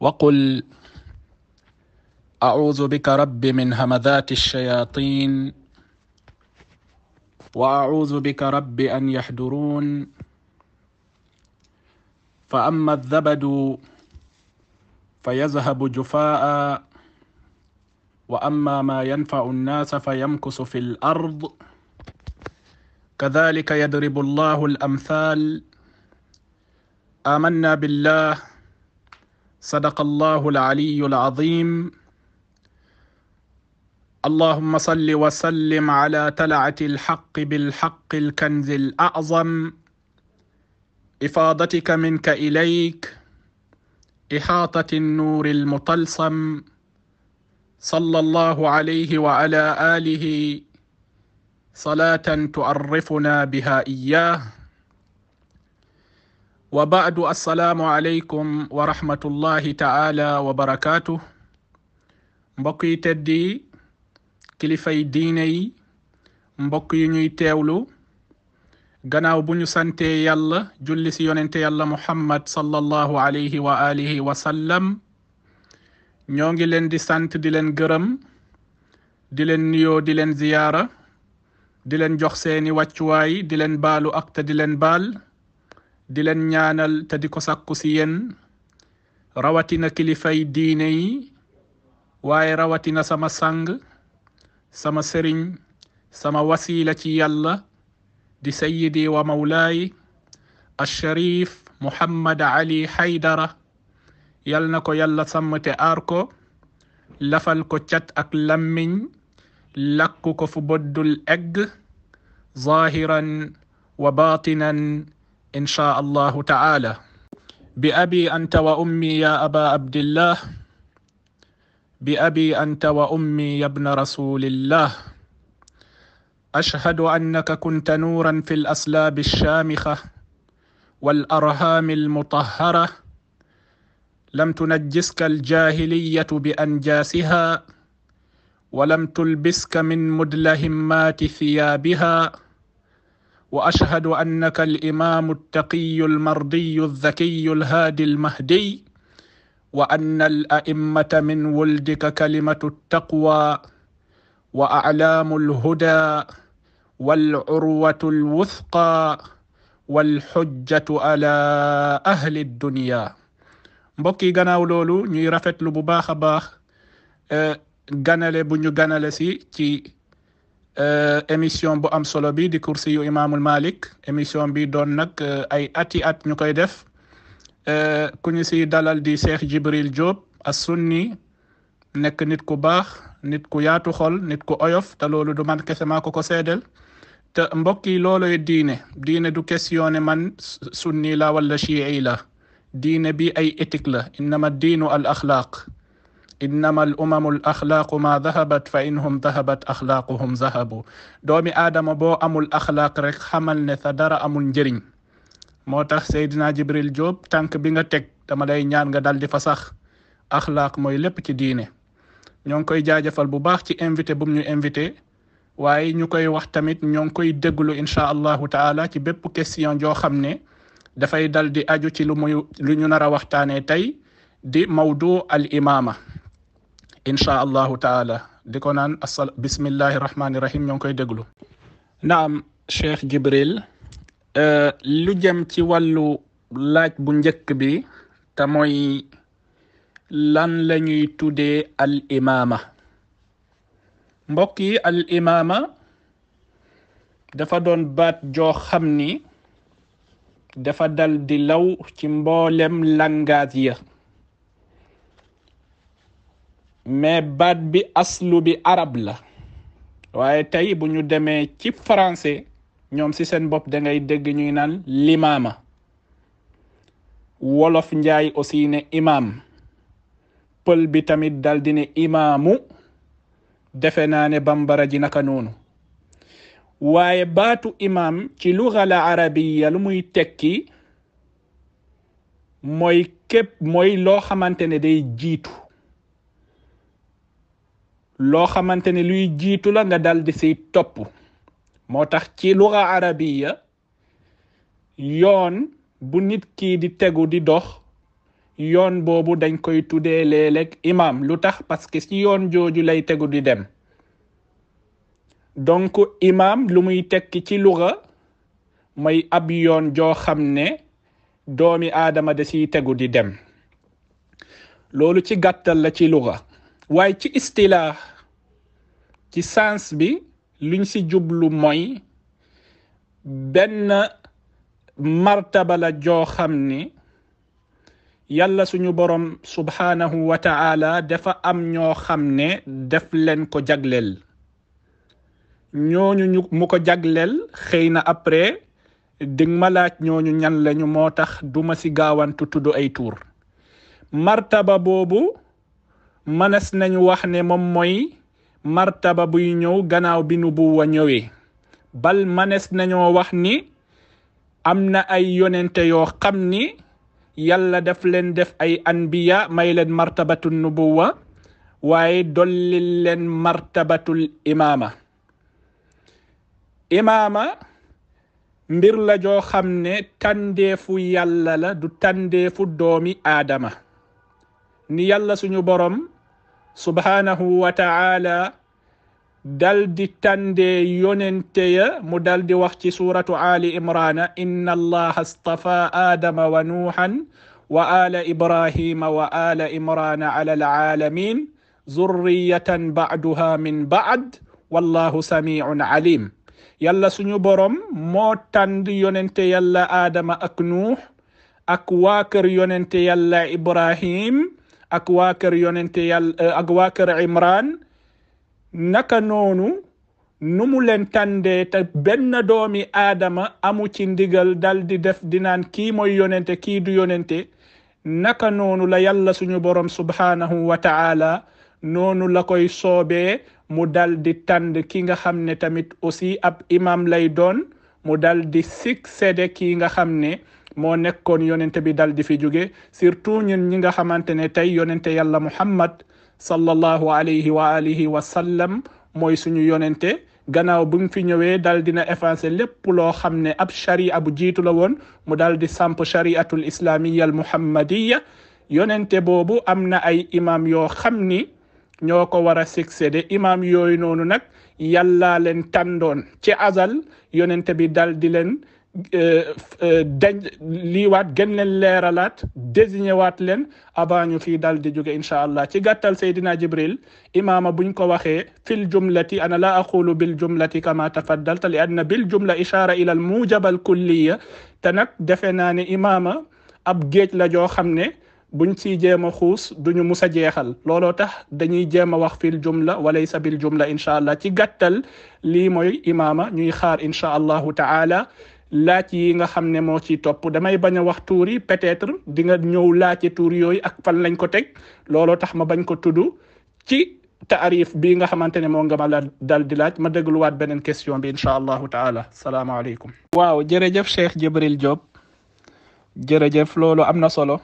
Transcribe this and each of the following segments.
وقل أعوذ بك رب من همذات الشياطين وأعوذ بك رب أن يحضرون فأما الزبد فيذهب جفاء وأما ما ينفع الناس فيمكث في الأرض كذلك يضرب الله الأمثال آمنا بالله sadaqa allahu alaliyu alazim allahuma salli wa sallim ala talaati alxaq bilxaq alkanzi alazam ifaadatika minka ilayk إحاطة النور المطلسم صلى الله عليه وعلى آله صلاة تعرفنا بها إياه wa baadu assalaamu aleykum wa rahmatullahi taala wa barakaatu mbokk yi tedd kilifay diine yi mbokk yi ñuy teewlu gannaaw bu ñu santee yàlla julli si yonente yàlla muhammad sallallahu alayhi wa alihi wa sallam ñoo ngi leen di sant di leen gërëm di leen nuyoo di leen ziyaara di leen jox seeni wàccuwaay di leen baalu ak di leen baal di leen ñaanal te di ko sàkku si yéen rawatina kilifay diine yi waaye rawatina sama sang sama sëriñ sama wasiila ci yàlla di sayidi wa mawlaay alsharif muhammad ali haydara yal na ko yàlla sàmm te aar ko lafal ko cat ak lammiñ lakku ko fu boddul egg zahiran wa batinan إن شاء الله تعالى بأبي أنت وأمي يا أبا عبد الله بأبي أنت وأمي يا ابن رسول الله أشهد أنك كنت نورا في الأسلاب الشامخة والأرهام المطهرة لم تنجسك الجاهلية بأنجاسها ولم تلبسك من مدلهمات ثيابها واشهد انك الامام التقي المرضي الذكي الهادي المهدي وان الائمه من ولدك كلمه التقوى واعلام الهدى والعروه الوثقى walxujjatu ala ahli dunia mbokk yi gannaaw loolu ñuy rafetlu bu baax a baax ganale bu ñu ganale si ci Euh, émission bu am solo bi di kursi yu imaamul Malik émission bi doon nag euh, ay ati at ñu koy def euh, ku ñu si dalal di Cheikh Jibril Diop as-Sunni nekk nit ku baax nit ku yaatu xol nit ku oyof te loolu du man kese maa ko ko seedeel te mbokk yi looloy diine diine du questionné man sunni la wala chii la diine bi ay éthique la innama diinu al axlaaq innama al umamu l axlaaqu maa dahabat fa inhum dahabat axlaaquhum zahabu doomi aadama boo amul axlaaq rek xamal ne sa dara amul njëriñ moo tax Seydina Jibril Diop tànk bi nga teg dama lay ñaan nga dal di fa sax axlaaq mooy lépp ci diine ñoo ngi koy jaajëfal bu baax ci invité bu ñu invité waaye ñu koy wax tamit ñoo ngi koy déglu incha allahu taala ci bépp question joo xam ne dafay dal di aju ci lu muy lu ñu nar a waxtaanee tey di mawdu al imaama incha allahu taala di ko naan asal bismillahi rahmaani rahim ñoo ngi koy déglu. naam Cheikh Jibril euh, lu jëm ci wàllu laaj bu njëkk bi te lan la ñuy tuddee al imaama mbokk yi al imaama dafa doon baat joo xam ni dafa daldi law ci mboolem langage mais baat bi aslu bi arab la waaye tey bu ñu demee ci français ñoom si seen bopp da ngay dégg ñuy naan limaama wolof njaay aussi ne imaam pël bi tamit dal di ne imaamu defe naa ne bambara ji naka noonu waaye baatu imaam ci luga la arabiya lu muy tekki mooy képp mooy loo xamante ne day jiitu loo xamante ne luy jiitu la nga dal di topp moo tax ci luga arabiya yoon bu nit kii di tegu di dox yoon boobu dañ koy tuddee léeg-léeg imam lu tax parce que ci yoon jooju lay tegu di dem donc imam lu muy tekki ci luga may ab yoon joo xam ne doomi aadama da siy tegu di dem loolu ci gàttal la ci luga waay ci istilaax ci sens bi luñ ci jublu mooy benn martaba la joo xam ni yàlla suñu borom subhaanahu wa ta'ala dafa am ñoo xam ne def leen ko jagleel ñooñu mu ko jagleel xëy na après dig ma ñooñu ñan lañu moo tax duma ci gaawantu tudd ay tuur martaba boobu mënees nañu wax ne moom mooy martaba buy ñëw gannaaw bi nubuwa ñëwee bal mënees nañoo wax ni am na ay yonente yoo xam ni yàlla daf leen def ay anbiya may leen martabatu nubuwa waaye dollil leen martabatul imaama imaama mbir la joo xam ne tàndeefu yàlla du tàndeefu doomi aadama ni yàlla suñu borom subhaanahu wa ta'ala dal di tàndee yonente ya mu dal di wax ci suratu ali imrana inna allaha astafa aadama wa nuuhan wa ala ibrahima wa ala imrana ala alalamin zurriyatan ba'duha min ba'd wallahu samiun alim yàlla suñu borom moo tànd yonente yàlla aadama ak nuux ak waa kër yonente yàlla ibrahim ak waa kër yonente yàlla euh, ak waa kër imran naka noonu nu mu leen tàndee te benn doomi aadama amu ci ndigal dal di def kii mooy yonente kii du yonente naka noonu la yàlla suñu borom subhaanahu wa ta'ala noonu la koy soobee mu dal tànd ki nga xam ne tamit aussi ab imam lay doon mu dal di succéder kii nga xam ne moo nekkoon yonente bi dal di fi jóge surtout ñun ñi nga xamante ne tey yonente yàlla muhammad sallallahu alayhi wa alihi wa sallam mooy suñu yonente gannaaw bu mu fi ñëwee dal dina effacer lépp loo xam ne ab sharia bu jiitu la woon mu dal di samp shariatul islamiya al muhammadiya yonente boobu am na ay imam yoo xam ni ñoo ko war a succéder imam yooyu noonu nag yàllaa leen tàndoon ci azal yonente bi dal di leen Euh, euh, dañ lii waat gën leen leeralaat désigné waat leen avant ñu fii daal di jóge incha allah ci gàttal Seydina Jibril imaama buñ ko waxee fil jumlati ana la aqulu bil jumlati kama tafaddalta li anna bil jumla ishaara ila al mujaba al kulliya te nag defe naa ne imaama ab géej la joo xam ne buñ siy jéem a xuus duñu mus a jeexal looloo tax dañuy jéem a wax fil jumla walaysa bil jumla incha allah ci gàttal lii mooy imaama ñuy xaar incha allahu ta'ala laaj yi nga xam ne moo ci topp damay bañ a wax tuur yi peut-être di nga ñëw laajte tuur yooyu ak fan lañ ko teg looloo tax ma bañ ko tudd ci taarif bii nga xamante ne moo nga ma la dal di laaj ma dégluwaat beneen question bi incha allahu taala salaamaaleykum. waaw jërëjëf Cheikh Jibril Diop jërëjëf loolu am na solo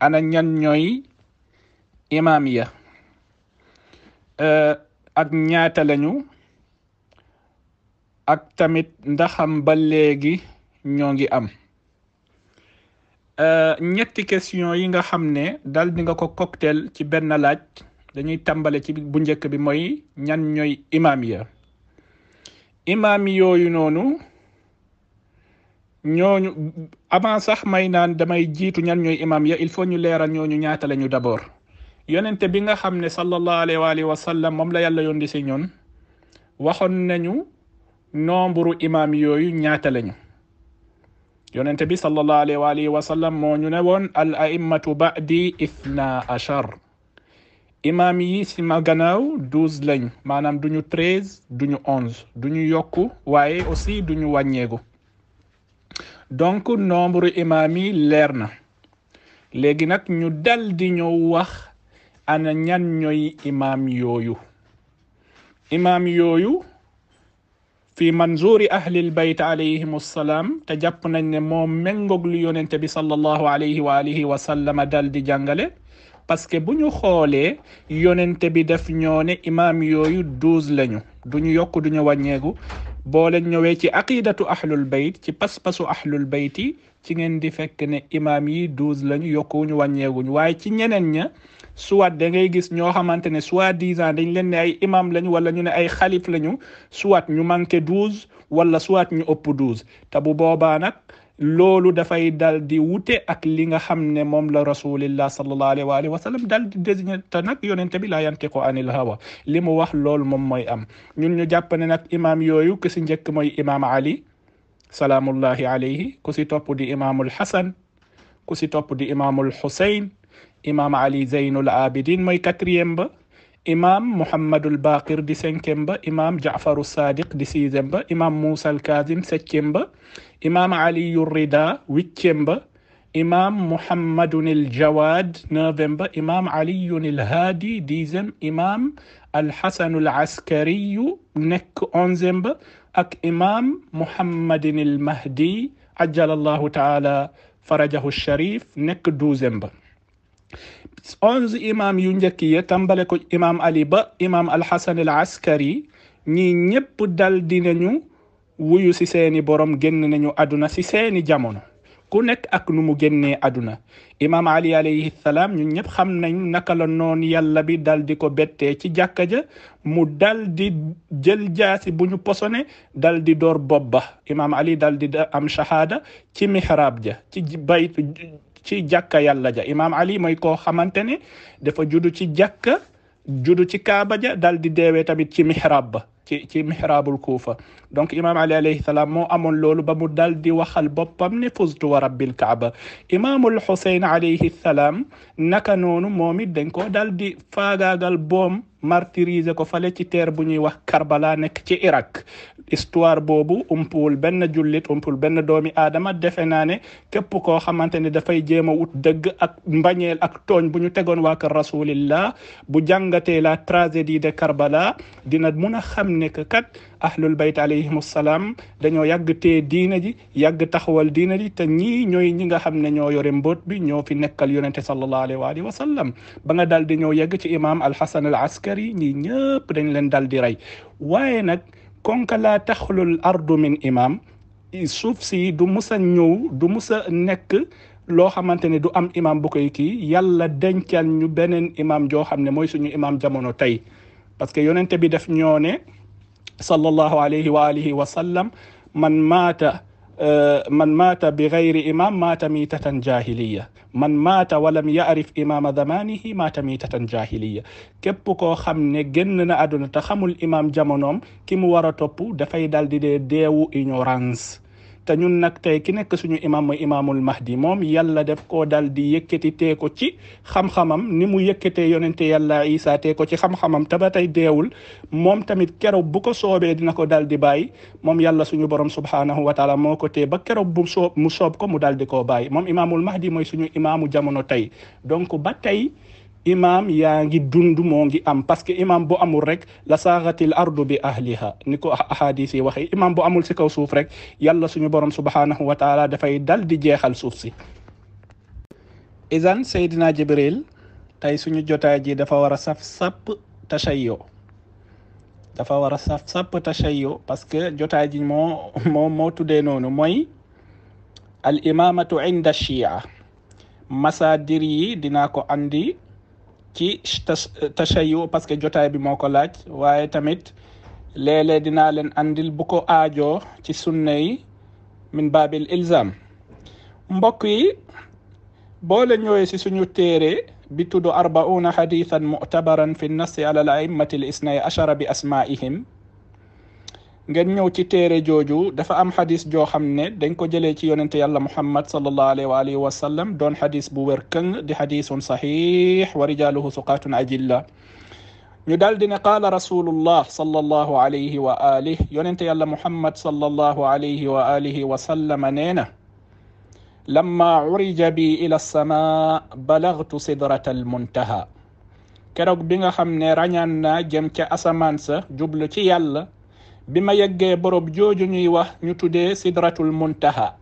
ana ñan ñooy imaam ya euh, ak ñaata lañu. ak tamit ndaxam ba léegi ñoo ngi am euh, ñetti question yi nga xam ne dal di nga ko cocktail ci benn laaj dañuy tàmbale ci bu njëkk bi mooy ñan ñooy imaam ya imaam yooyu noonu ñooñu avant sax may naan damay jiitu ñan ñooy imaam ya il faut ñu leeral ñooñu ñaata la ñu d'abord yonente bi nga xam ne sallallahu alayhi wa alihi moom la yàlla yoon di si ñoon waxoon nañu nombre imaam yooyu ñaata lañu yonente bi sallallahu alayhi wa alihi wa sallam moo ñu ne woon al a'immatu ba'di ithna achar imaam yi si ma gannaaw douze lañ maanaam duñu treize duñu onze duñu yokku waaye aussi duñu wàññeeku donc nombre imaam yi leer na léegi nag ñu dal di ñëw wax ana ñan ñooy imaam yooyu imaam yooyu fi manzuuri ahlil bayt alayhim assalaam te jàpp nañ ne moo méngoog lu yonente bi sallallahu alayhi wa alihi wa sallama dal di jàngale parce que bu ñu xoolee yonente bi def ñoo imaam yooyu douze lañu du ñu yokk du ñu wàññeeku boo leen ñëwee ci aqidatu ahlul bayt ci pas-pasu ahlul bayt yi ci ngeen di fekk ne imaam yi douze lañu yokkuwuñu wàññeeguñu waaye ci ñeneen ña soit da ngay gis ñoo xamante ne soit disant dañ leen ne ay imam lañu wala ñu ne ay xalif lañu soit ñu manqué douze wala soit ñu ëpp douze te bu boobaa nag loolu dafay dal di wute ak li nga xam ne moom la rasulillah sallallahu alayhi wa sallam dal di désigné te nag yonente bi laa yantiqu anil hawa li mu wax loolu moom mooy am ñu jàpp ne nag imaam yooyu ku si njëkk mooy imaam Ali salaamullahi alayhi ku si topp di imaamul Xasan ku si topp di imaamul Xuseyn imaam ali zeynul abidin mooy quatrième ba imaam mouhamadul baqir di cinquième ba imaam jaafaru sadiq di sixième ba imaam moussa al kazim septième ba imaam aliyu rida huitième ba imaam mouhammadun il jawad neuvième ba imaam aliyun il haadi dixième imaam alxasanu al askariyu nekk onzième ba ak imaam mouhammadin il mahdi ajjala allahu taala farajahu sharif nekk douzième ba onze imam yu njëkk ya tàmbale ko imam ali ba imam alxasan al ñi ñii ñépp dal dinañu wuyu ci seeni borom génn nañu àdduna si seeni jamono ku nekk ak nu mu génnee àdduna imaam ali alayhi salaam ñun ñëpp xam nañ naka la noon yàlla bi daldi ko bette ci jàkka mu daldi di jël jaasi bu ñu posone daldi door bopp ba imaam ali dal am shahada ci mihrab ja ci baytu ci jàkka yàlla ja imaam ali mooy koo xamante ne dafa judd ci jàkka judu ci kaaba ja dal di deewee tamit ci mihrab ba ci ci mihrabul kuufa donc imaam ali alayhi salaam moo amoon loolu ba mu dal di waxal boppam ne fuztu wa rabbil kaaba imaamul xusayn salaam naka noonu moom it dañ ko dal di faagaagal boom martyrisé ko fale ci terre bu ñuy wax Karbala nekk ci Irak histoire boobu umpuwul benn jullit umpuwul benn doomi aadama defe naa ne képp koo xamante ne dafay jéem a wut dëgg ak mbañeel ak tooñ bu ñu tegoon waa kër rasulillah bu jàngatee la tragédie de Karbala dina mun a xam ne que kat ahlul bayt alayhim salaam dañoo yàgg tee diina ji yàgg taxawal diina ji te ñii ñooy ñi nga xam ne ñoo yore mboot bi ñoo fi nekkal yonente sallallahu alayhi wa sallam ba nga daal di ñëw yéefar yi ñi ñëpp dañ leen dal di rey waaye nag konka laa taxlul ardu min imam suuf si du musa a ñëw du musa nekk loo xamante ne du am imam bu koy kii yàlla dencal ñu beneen imam joo xam ne mooy suñu imam jamono tey parce que yonente def ñoo ne sallallahu alayhi wa alihi man maata man maata bi gayri imam maata miitatan jahiliya man maata walam yaarif imaama zamanihi maata miitatan jahiliya képp koo xam ne génn na àdduna te xamul imam jamonoom ki mu war a topp dafay dal di dee deewu ignorance te ñun nag tey ki nekk suñu imam mooy imaamul mahdi moom yàlla def koo dal di yëkkati tee ko ci xam-xamam ni mu yëkkatee yonente yàlla isa tee ko ci xam-xamam te ba tey deewul moom tamit keroog bu ko soobee dina ko dal di bàyyi moom yàlla suñu borom subhaanahu wa taala moo ko tee ba keroog bu soob mu soob ko mu daldi di koo bàyyi moom imaamul mahdi mooy suñu imaamu jamono tey donc ba tey imaam yaa ngi dund moo ngi am parce que imaam bu amul rek la saaxatil ardu bi ahliha ni ko ahadis yi waxee imaam amul si kaw suuf rek yalla suñu borom subhaanahu wa taala dafay dal di jeexal suuf si isan seydina jibril tey suñu jotaay ji dafa war a saf war a saf sàpp parce que jotaay ji moo moo moo tuddee noonu mooy al imamatu inda shia masadir yi dinaa ko andi ci tashayu parce que jotaay bi moo ko laaj waaye tamit léeg-léeg dinaa leen andil bu ko aajoo ci sunna yi min baabil ilzam mbokk yi boo la ñëwee si suñu téere bi tudd arbauna hadithan mu'tabaran fi nnassi ala al a'immati al isnay ashara bi asmaihim ngeen ñëw ci téere jooju dafa am xadis joo xam ne dañ ko jëlee ci yonente yàlla muhammad sallallahu alayhi wa alihi wa sallam doon xadis bu wér këng di xadisun saxiix wa rijaluhu suqaatun ajilla ñu daal di ne qaala rasulullah sallallahu alayhi wa alih yonente yàlla muhammad sallallahu alayhi wa alihi wa sallama nee na lamma urija bi ila sama balagtu sidrata almuntaha keroog bi nga xam ne rañaan naa jëm ca asamaan sa jublu ci yàlla bi ma yeggee borob jooju ñuy wax ñu tuddee sidratul muntaha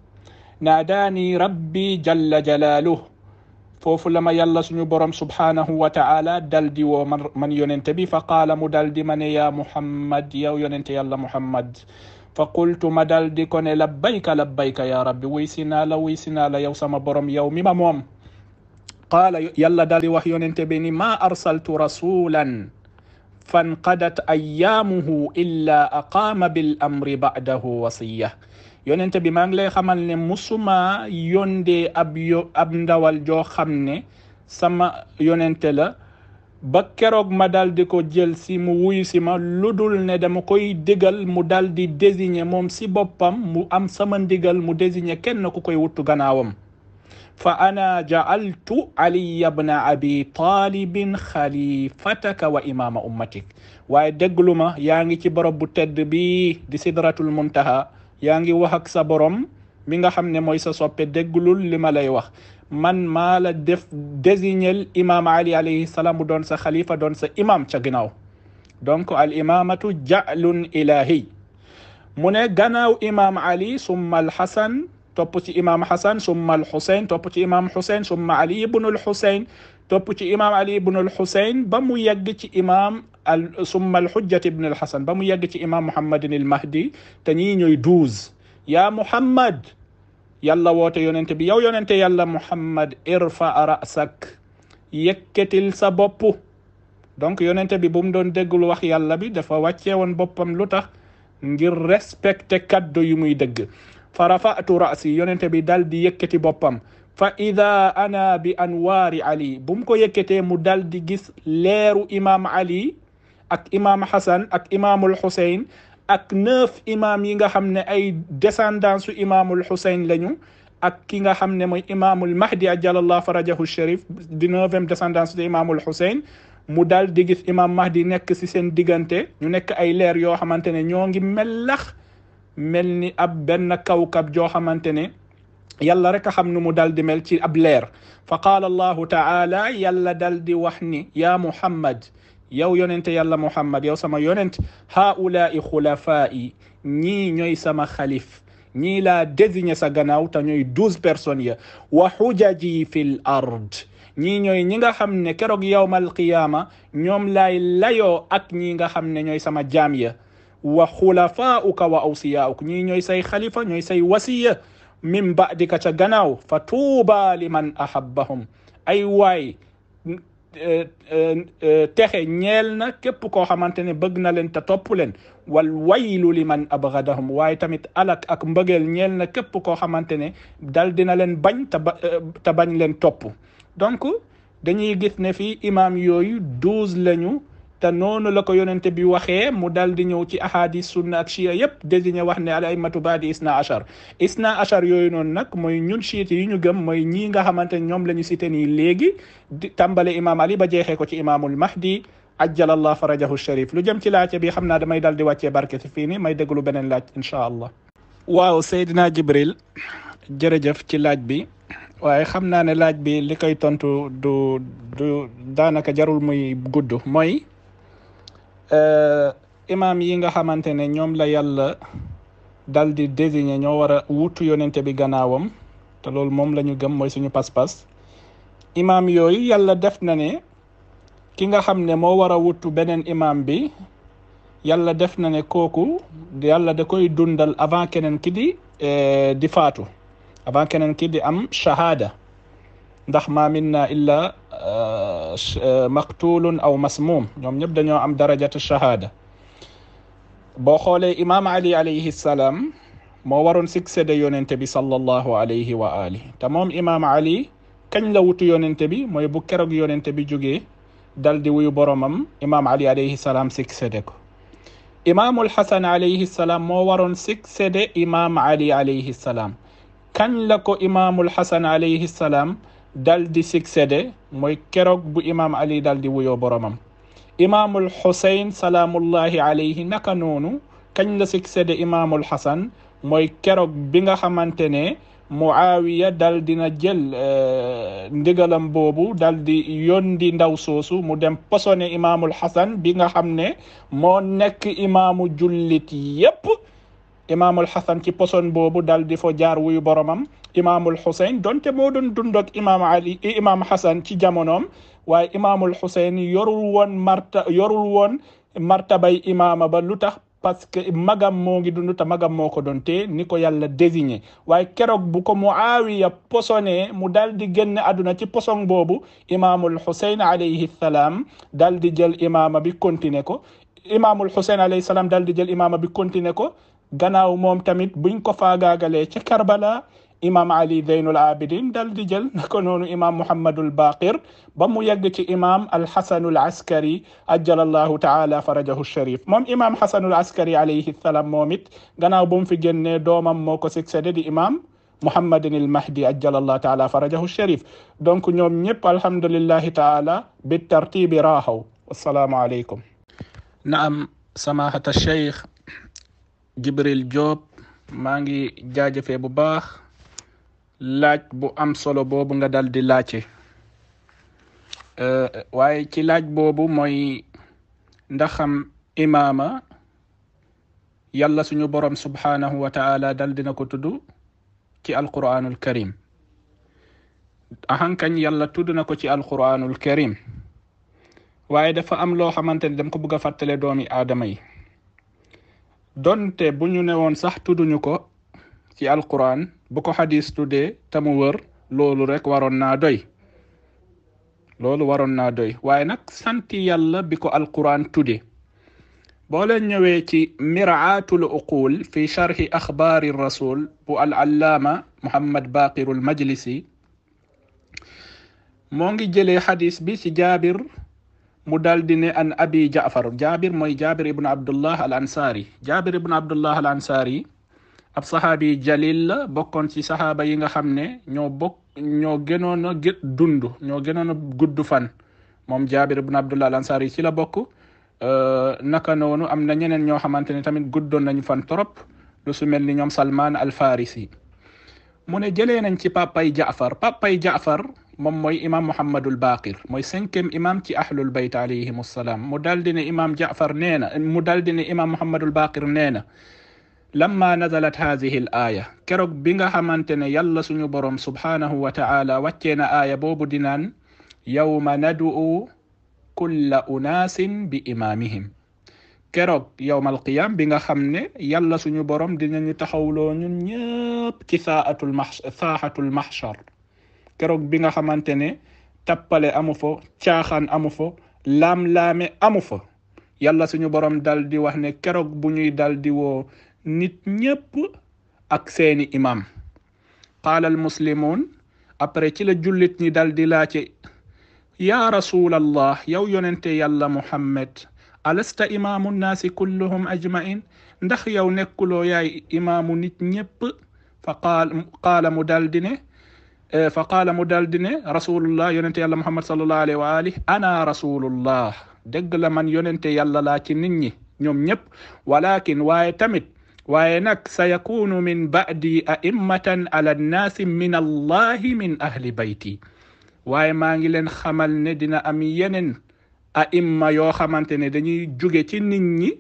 naadaani rabbi jalla jalaaluh foofu la ma yàlla suñu borom subhaanahu wa ta'ala daldi woo man man bi fa qaala mu daldi ma ne yaa muhammad yow yonente yàlla muhammad fa qultu ma daldi ko ne labbayka labbayka yaa rabbi wuy si naa la wuy la yow sama borom yow mi ma moom qaala yàlla daldi wax yonente bi ni maa fanqadat ayyaamuhu illa aqaama bil amri ba'dahu wasiya yonente bi maa ngi lay xamal ne musuma yondee ab yo ab ndawal joo xam ne sama yonente la ba keroog ma daldi ko jël si mu wuyu si ma lu dul ne dama koy digal mu dal di désigner moom si boppam mu am sama ndigal mu désigner kenn ku koy wuttu gannaawam fa فأنا جعلت علي بن أبي طالب خليفتك وإمام أمتك waaye déglu ma yaa ngi ci borob bu tedd bi di sidratul muntaha yaa ngi wax ak sa borom mi nga xam ne mooy sa soppe déglul li ma lay wax man maa la def désignel imaam ali alayhi salaam mu doon sa xalifa doon sa imam ca ginnaaw donc al imamatu ja'lun ilahi mu ne gannaaw imaam ali summa al topp ci imam Xasan summa al Xuseyn topp ci imam Xuseyn summa Ali ibnu al Xuseyn topp ci imam Ali ibnu al Xuseyn ba mu yegg ci imam al summa al Xujjat ibnu al Xasan ba mu yegg ci imam Muhammadin al Mahdi te ñii ñooy douze yaa Muhammad yàlla woote yonente bi yow yonente yàlla Muhammad irfa rasak yëkkatil sa bopp donc yon yonente bi bu mu doon déggul wax yàlla bi dafa wàccee woon boppam lu tax ngir respecté kaddu yu muy dëgg fa rafa'tu ra'si yonente bi dal di yëkkati boppam fa ida ana bi anwaari ali bu mu ko yëkkatee mu dal di gis leeru imaam ali ak imam hasan ak imaamul husayn ak neuf imaam yi nga xam ne ay descendance su imaamul lañu ak ki nga xam ne mooy imaamul mahdi ajalallah farajahu sharif di neuvième descendance de imaamul Hussein mu dal di gis imaam mahdi nekk si seen diggante ñu nekk ay leer yoo xamante ne ñoo ngi melax mel ni ab benn kawkab joo xamante ne yàlla rek a xam nu mu dal di mel ci ab leer fa qaala allahu taala yàlla dal di wax ni yaa muhammad yow yonente yàlla muhammad yow sama yonent haulaai xulafaa'i ñii ñooy sama xalif ñii laa désigné sa gannaaw te ñooy douze personnes ya wa xujaji fi l ard ñii ñooy ñi nga xam ne keroog yowma alqiyaama ñoom lay layo ak ñii nga xam ne ñooy sama jaam ya wa xulafaauka wa awsiyauk ñii ñooy say xalifa ñooy say wasiya min badika ca gannaaw fa tuuba liman ahabbahum ay waay e, e, e, texe ñeel na képp koo xamante ne bëgg na leen te topp leen wal waylu liman abgadahum waaye tamit alak ak mbëggeel ñeel na képp koo xamante ne dal dina leen bañ te bañ leen topp donc dañuy gis ne fii imaam yooyu douze lañu te noonu la ko yonente bi waxee mu dal di ñëw ci ahadis sunna ak chia yëpp désigné wax ne al aymatu baadi isna achar isna achar yooyu noonu nag mooy ñun chiite yi ñu gëm mooy ñii nga xamante ne ñoom la ñu cité nii léegi di tàmbale imaam ali ba jeexee ko ci imaamul mahdi ajjalallah farajahu sharif lu jëm ci laajte bi xam naa damay dal di wàccee barke si fii ni may déglu beneen laaj incha allah waaw Seydina Jibril jërëjëf ci laaj bi waaye xam naa ne laaj bi li koy tontu du daanaka jarul muy gudd mooy Eh, imaam yi nga xamante ne ñoom la yàlla dal di désigner ñoo war a wutu yonente bi gannaawam te loolu moom la ñu gëm mooy suñu pas-pas imaam yooyu yàlla def na ne ki nga xam ne moo war a wutu beneen imaam bi yàlla def na ne kooku yàlla da koy dundal avant keneen ki di eh, di faatu avant keneen ki di am shahada ndax ma minna illa euh, euh, maqtulun aw masmum ñoom ñëpp dañoo am darajatu shahada boo xoolee imaam ali alayhi salaam moo waroon succéder yonente bi sallallahu alayhi alihi te moom imaam ali kañ la wutu yonente bi mooy bu keroog yonente bi jógee dal di wuyu boromam imaam ali alayhi salaam succéder ko imaamul xasan alayhi salaam moo waroon succéder imaam ali alayhi salaam kañ la dal di succédé mooy keroog bu imaam ali daldi di wuyoo boromam imaamul xusayn salaamullahi alayhi naka nonu kañ la succédé imaamul xasan mooy keroog bi nga xamante ne muawiya dal dina jël euh, ndigalam boobu dal di yónni ndaw soosu mu dem posone imaamul xasan bi nga xam ne moo nekk imaamu jullit yépp imaamul xasan ci poson boobu dal di fa jaar boromam imaamul xusayn donte moo doon dund ak imaam ci jamonoom waaye imaamul xusayn yorul woon marta yorul woon martabay imaama ba lu tax parce que magam moo ngi dund te magam moo ko doon te ni ko yàlla désigné waaye keroog bu ko muawiya posone mu dal di génn àdduna ci poson boobu imaamul xusayn alayhi salaam dal di jël imaama bi continuer ko imaamul xusayn alayhi salaam dal di jël imaama bi continuer ko gannaaw moom tamit buñ ko faagaagalee ca Karbala imam ali zeynul abidin dal di jël na ko noonu imam muhammadul baqir ba mu yegg ci imam alxasanul askari ajjalallahu taala farajahu sharif moom imam xasanul askari alayhi salaam moom it gannaaw bu mu fi génnee doomam moo ko succédé di imam muhammadin il mahdi ajjalallahu taala farajahu sharif donc ñoom ñëpp alhamdulillahi taala bi tartibi raaxaw wassalaamu aleykum naam samahata cheikh Jibril Diop maa ngi jaajëfee bu baax laaj bu am solo boobu nga dal di laajte euh, waaye ci laaj boobu mooy ndaxam imaama yàlla suñu borom subhaanahu wa taala dal dina ko tudd ci alquranul karim ahankañ yalla tudd na ko ci alquranul karim waaye dafa am loo xamante ne dama ko bëgg a fàttale doomi aadama yi donte bu ñu newoon sax tuduñu ko ci alquran bu ko xadis tuddee te mu wër loolu rek waroon naa doy loolu waroon naa doy waaye nag sant yàlla bi ko alquran tuddee boo leen ñëwee ci miraatul uqul fi charxi axbaari rasul bu al allaama muhammad baqirul majlisi moo ngi jëlee xadis bi ci jaabir mu daal di ne an abi jaafar jaabir mooy jaabir ibn abdullah al ansaari jaabir ibn abdullah al ansaari ab saxaabi jalil la bokkoon ci saxaaba yi nga xam ne ñoo bokk ñoo gënoon dund ñoo gënoon a gudd fan moom jaabir ibn abdullah al ansaari ci la bokk naka noonu am na ñeneen ñoo xamante ne tamit guddoon nañu fan trop lu su mel ni ñoom salman al farisi mu ne jëlee nañ ci papay jaafar papay jaafar moom mooy imaam muhammadul baqir mooy cinquième imam ci ahlul bayt alayhim assalaam mu daldi ne imaam jaafar nee na mu daldi ne imaam muhammadul baqir nee na lamma nazalat haadihi aaya keroog bi nga xamante ne yàlla suñu boroom subhaanahu wa ta'ala wàccee na aaya boobu dinaan yawma nadu'u kulla unaasin bi imaamihim keroog yowmal qiyam bi nga xam ne yàlla suñu borom dinañu taxawloo ñun ñëpp ci saatul max saaxatul mahshar keroog bi nga xamante ne tappale amu fa caaxaan amu fo lam lame amu fa yàlla suñu borom dal di wax ne keroog bu ñuy dal di woo nit ñëpp ak seeni imam qaala al muslimun après ci la jullit ñi daldi di laace yaa rasulallah yow yonente yàlla muhammad alasta imaamu nnaasi kulluhum ajmain ndax yow nekkuloo yaay imaamu nit ñépp fa qaal qaala mu dal di ne e, fa qaala mu dal di ne rasulullah yonente yàlla muhammad salallahu alayhi wa alih ana rasulullah dégg la man yonente yàlla laa ci nit ñi ñoom ñépp walakin waaye tamit waaye nag sa yakunu min ba'di a'immatan ala nnaasi min allahi min ahli bayti waaye maa ngi leen xamal ne dina am yeneen aimma yoo xamante ne dañuy jóge ci nit ñi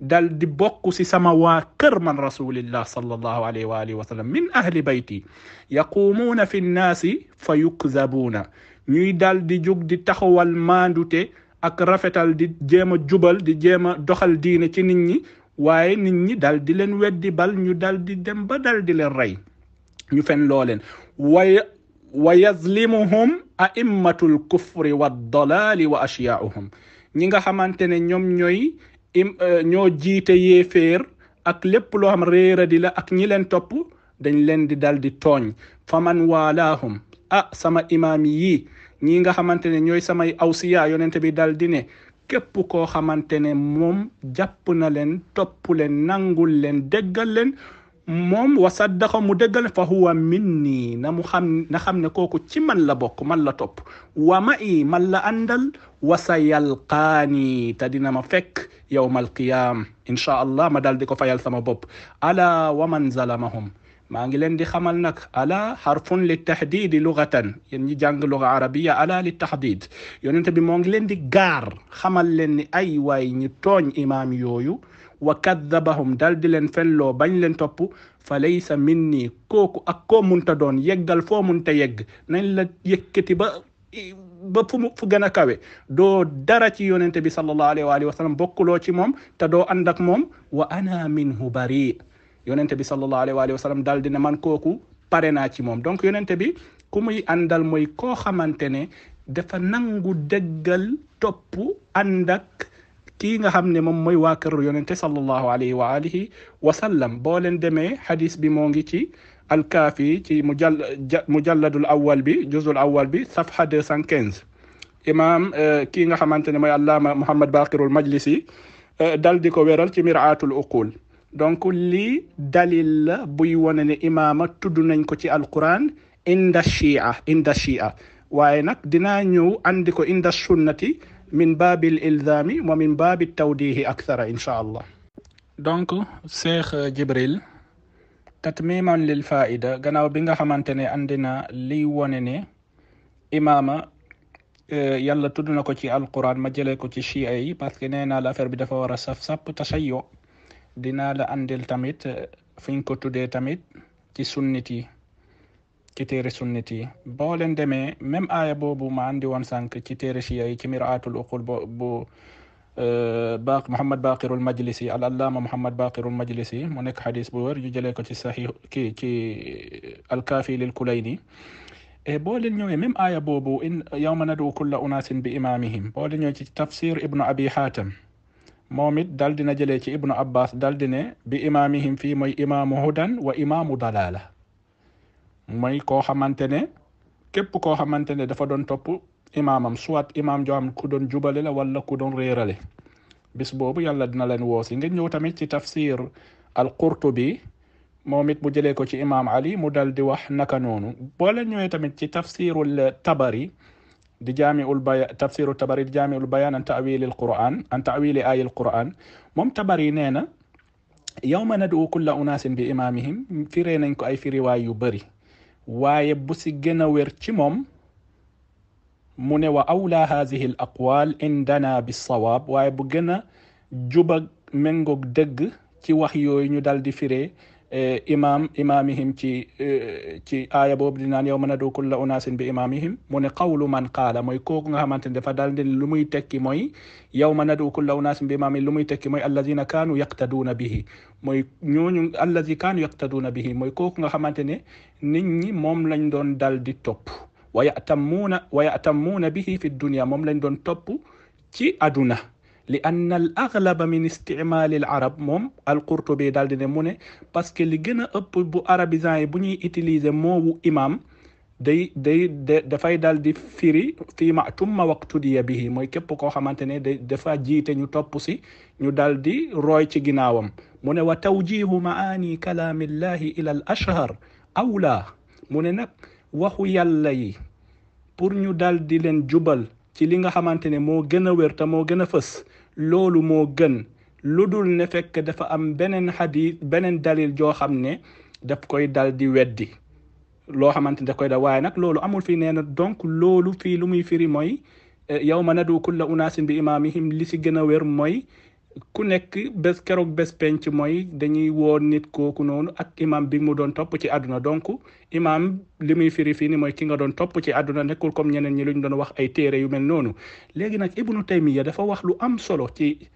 dal di bokk si sama waa kër man rasulillah sallallahu alayhi wa alihi wa sallam min ahli bayti yaqumuuna fi nnaasi fa yukzabuuna ñuy dal di jug di taxawal maandute ak rafetal di jéem a jubal di jéem a doxal diine ci nit ñi waaye nit ñi dal di leen weddi bal ñu daldi di dem ba dal di leen rey wa yazlimuhum aimmatul kufri wa dalaali wa ashyaauhum ñi nga xamante ne ñoom ñooy im euh, ñoo jiite yéeféer ak lépp loo xam réera di la ak ñi leen topp dañ leen di dal di tooñ fa man waalaahum ah sama imaam yii ñii nga xamante ne ñooy samay awsiya yonente bi dal di ne képp koo xamante ne moom jàpp na leen topp leen nangul leen déggal leen moom wa saddaqa mu dëggal fa huwa minni na mu xam na xam ne kooku ci man la bokk man la topp wa ma i man la àndal wa sa yalqaani te dina ma fekk yowma alqiyaam inchaa allah ma daal di ko fayal sama bopp ala wa man zalamahum maa ngi leen di xamal nag ala xarfun li tahdidi lugatan yéen ñi jàng luga arabiya ala li tahdid yonente bi moo ngi leen di gaar xamal leen ni ay waay ñu tooñ imaam yooyu wa kaddabahum dal di leen fenloo bañ leen topp fa laysa minni kooku ak koo munta doon yeggal foo munta yegg nañ la yëkkati ba ba fu mu gën a kawe doo dara ci yonente bi sallallahu alayhi wa alihi wa sallam bokkuloo ci moom te doo ànd ak moom wa ana minhu bari yonente bi sallallahu alayhi wa alihi wa sallam daal dina man kooku pare naa ci moom donc yonente bi ku muy àndal mooy koo xamante ne dafa nangu dëggal topp ànd ak kii nga xam ne moom mooy waa kër yonente sallallahu alayhi wa alihi wa sallam boo leen demee hadis bi moo ngi ci alkaafi ci mujal mujalladul awal bi juzul awal bi safha deux cent quinze imaam euh, kii nga xamante ne mooy allaama Mouhamed Baqirul Majlisi euh, dal di ko wéral ci miraatul uqul donc lii dalil la buy wane ne imaama tudd nañ ko ci alquran inda shia inda waaye nag dinaa ñëw andi ko inda sunnati min baabil ilzaami wa min baabi tawdiihi akthara insha allah donc Cheikh Jibril tatmiman lil faida gannaaw bi nga xamante ne andi na liy wone ne imaama eh, yàlla tudd na ko ci alquran ma jëlee ko ci chia yi parce que nee naa la affaire bi dafa war a saf sàpp tashayyo dinaa la andil tamit eh, fiñ ko tuddee tamit ci sunnit yi ci téere sunnit yi boo leen demee même aaya boobu ma andi woon sànq ci téere chiya yi ci miraatul uqul bo bu euh, baq Mouhamed Baqirul Majlisi al allaama Mouhamed Baqirul Majlisi mu nekk xadis bu wër ñu jëlee ko ci saxiix kii ci alkaafi lil kulayni e boo leen ñëwee même aaya boobu in yawma nadu kulla unaasin bi imaamihim boo leen ñëwee ci tafsir ibnu abi xaatam moom it dal dina jëlee ci ibnu abbas dal di ne bi imaamihim fii mooy imaamu hudan wa imaamu dalaala mooy koo xamante ne képp koo xamante ne dafa doon topp imaamam soit imaam joo xam ku doon jubale la wala ku doon réerale bis boobu yàlla dina leen woo si ngeen ñëw tamit ci tafsir al-Qurtubi moom it mu jëlee ko ci imaam Ali mu dal di wax naka noonu boo leen ñëwee tamit ci tafsirul tabari di jaamiul baya tafsiru tabari di jaamiul bayaan an tawili al quran an tawili ayi al moom tabari nee na yawma nadu kulla unaasin bi imaamihim firee nañ ko ay firiwaay yu bëri waaye bu si gëna a wér ci moom mu ne wa awla hadihi al aqwal indana bi sawaab waaye bu gëna juba jubag méngoog dëgg ci wax yooyu ñu daldi di firee Eh, imaam imaamihim ci eh, ci aaya boobu di naan yow mën a doo kulla unaasin bi imaamihim mu ne qawlu man qaala mooy kooku nga xamante ne dafa daal di lu tekki mooy yow mën a doo kulla unaasin bi imaamihim lu muy tekki mooy allazina kaanu yaqtaduuna bihi mooy ñooñu allazi kaanu yaqtaduuna bihi mooy kooku nga xamante ne nit ñi moom lañ doon dal di topp wa yatamuuna wa yatamuuna bihi fi dunia moom lañ doon topp ci aduna li anna al aghlaba min istimaali al moom al-Qurtubi daal di ne mu ne parce que li gën a ëpp bu arabisant yi bu ñuy utiliser moowu imam day day dafay daal di firi fii ma tumma waqtudiya bihi mooy képp koo xamante ne day dafa jiite ñu topp si ñu daal di roy ci ginnaawam mu ne wa tawjihu maani kalaamillahi ila al ashhar awla mu ne nag waxu yàlla yi pour ñu daal di leen jubal ci li nga xamante ne moo gën a wér moo gën a fës loolu moo gën lu dul ne fekk dafa am beneen xadis beneen dalil joo xam ne daf koy dal di weddi loo xamante ne daf koy dal waaye nag loolu amul fii nee na donc loolu fii lu muy firi mooy eh, yow ma nadu kulla unaasin bi imaamihim li si gën a wér mooy ku nekk bés keroog bés penc mooy dañuy woo nit kooku noonu ak imam bi mu doon topp ci àdduna donc imam li muy firi fii ni mooy ki nga doon topp ci àdduna nekkul comme ñeneen ñi lu ñu doon wax ay téere yu mel noonu léegi nag ibnu taymiya dafa wax lu am solo ci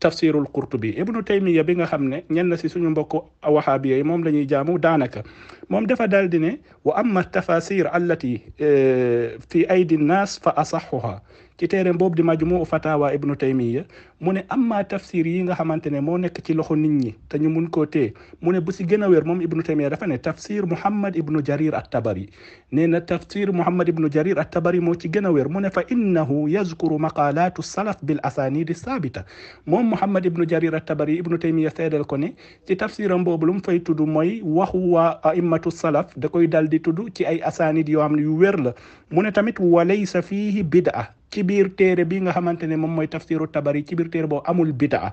tafsirul bi ibnu taymiya bi nga xam ne ñenn si suñu mbokk waxaabiya yi moom la ñuy jaamu daanaka moom dafa daal di ne wa amma tafasir allati eh, fi aydi nnaas fa asaxuha ci téeréem boobu di majmu fatawa ibnu taymiya mu ne amma tafsir yi nga xamante ne moo nekk ci loxo nit ñi te ñu mun koo téye mu ne bu si gën a wér moom ibnu taymiya dafa ne tafsir muhammad ibnu jarir at-tabari nee na tafsir muhammad ibnu jarir at-tabari moo ci gën a wér mu ne fa innahu yazkuru maqalatu salaf bil asanidi sabita moom muhammad ibnu jarir at-tabari ibnu taymiya seedal ko ne ci tafsiram boobu lu mu fay tudd mooy waxu waa aimmatu salaf da koy dal di tudd ci ay asanid yoo xam ne yu wér la mu ne tamit walaysa fihi bid'a ci biir téere bi nga xamante ne moom mooy tafsiru tabari ci biir téere boobu amul bidaa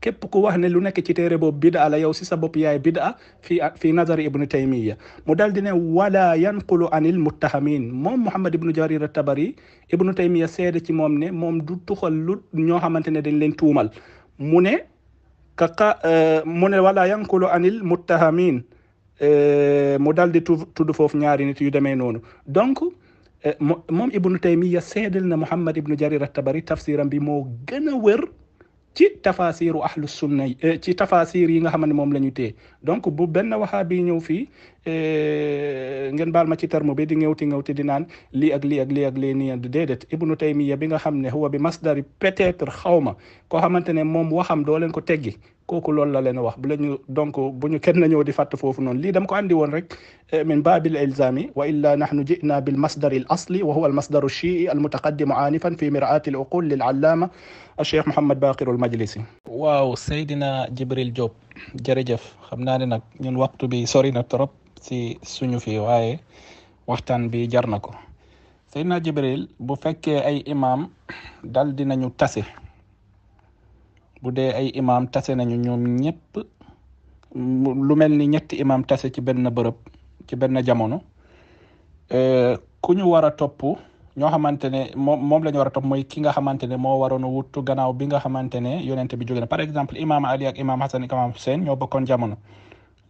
képp ku wax ne lu nekk ci téere boobu bidaa la yow si sa bopp yaay bidaa fi fi nazari ibnu taymiya mu daal di ne wala yanqulu anil muttahamin moom muhammad ibnu jarir at-tabari ibnu taymiya seede ci moom ne moom du tuxal lu ñoo xamante ne dañ leen tuumal mu ne kaka euh, mu ne wala yanqulu anil muttahamin euh, mu daal di tudd foofu ñaari nit yu demee noonu donc Eh, moom ibnu taymiya seedal na muhammad ibnu jarir at-tabari tafsiram bi moo gën a wér ci tafasiru ahlu sunna eh, ci tafasir yi nga xam ne moom la ñu téye donc bu benn bi ñëw fii eh, ngeen baal ma ci terme bi di ngewti ngewti di naan lii ak lii ak lii ak lii nii ak déedéet ibnu taymiya bi nga xam ne huwa bi masdari peut-être xaw ma koo xamante ne moom waxam doo leen ko teggi kooku loolu la leen wax bu la ñu donc bu ñu kenn ñëw di fàtt foofu noonu lii dama ko andi woon rek eh, min baabil ilzami wa illa nahnu jina bil masdari al asli wa huwa al masdaru shii al mutaqaddimu aanifan fi miraati al uqul lil allaama al cheikh Mouhamed Baqir al Majlisi waaw Seydina Jibril Diop jërëjëf xam naa ne nag ñun waxtu bi sori na trop si suñu fi waaye waxtaan bi jar na ko Seydina Jibril bu fekkee ay imaam dal dinañu tase bu dee ay imaam tase nañu ñoom ñëpp lu mel ni ñetti imaam tase ci benn bërëb ci benn jamono euh, ku ñu war a topp ñoo xamante ne moom moom la ñu war a topp mooy ki nga xamante ne moo waroon a wuttu gannaaw bi nga xamante ne yonent bi jóge na par exemple imaam Ali ak imaam Hassan ak imaam Hussein ñoo bokkoon jamono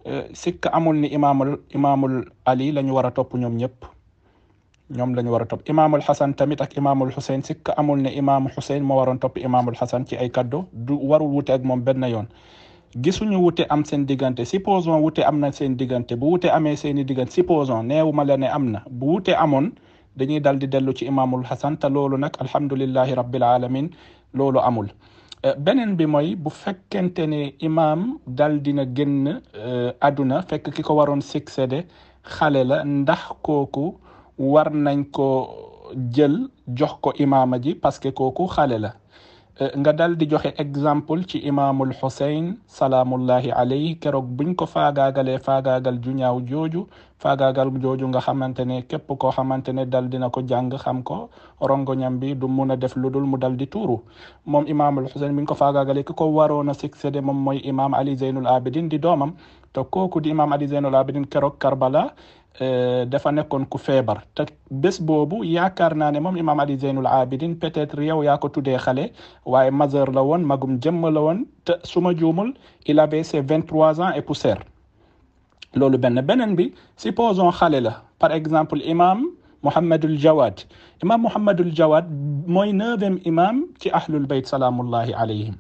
euh, sikk amul ni imaamul imaamul Ali la ñu war a topp ñoom ñëpp ñoom la ñu war a topp imaamul xasan tamit ak imaamul xuseyn sikk amul ne imaamu xuseyn moo waroon topp imaamul xasan ci ay kaddu du warul wute moom benn yoon gisuñu wute am seen diggante supposons wute am na seen diggante bu wute amee seen i diggante supposons neewuma la ne am na bu wute amoon dañuy dal di dellu ci imaamul xasan te loolu nag alhamdulillahi rabbil alamin loolu amul euh, beneen bi mooy bu fekkente ne imaam dal na génn euh, àdduna fekk ki ko waroon succédé xale la ndax kooku war nañ ko jël jox ko imaama ji parce que kooku xale la euh, nga dal di joxe exemple ci imaamul Xuseyn salaamullahi alayhi keroog buñ ko faagaagalee faagaagal ju ñaaw jooju faagaagal jooju nga xamante ne képp koo xamante ne dal dina ko jàng xam ko rongoñam bi du mun a def lu dul mu dal di tuuru moom imaamul Xuseyn buñ ko faagaagalee ki ko waroon a succédé moom mooy imaam Ali Zeynul Abidin di doomam te kooku di imaam Ali Zeynul Abidin keroog Karbala eh, dafa nekkoon ku feebar te bés boobu yaakaar naa ne moom imaam Ali Zeynul Abidin peut-être yow yaa ko tuddee xale waaye majeur la woon magum jëmm la woon te su ma juumul il avait ses vingt trois ans et poussière loolu benn beneen bi supposons xale la par exemple imaam Mouhamadul Jawad imaam Mouhamadul Jawad mooy neuvième imaam ci ahlul bayt salaamullahi alayhim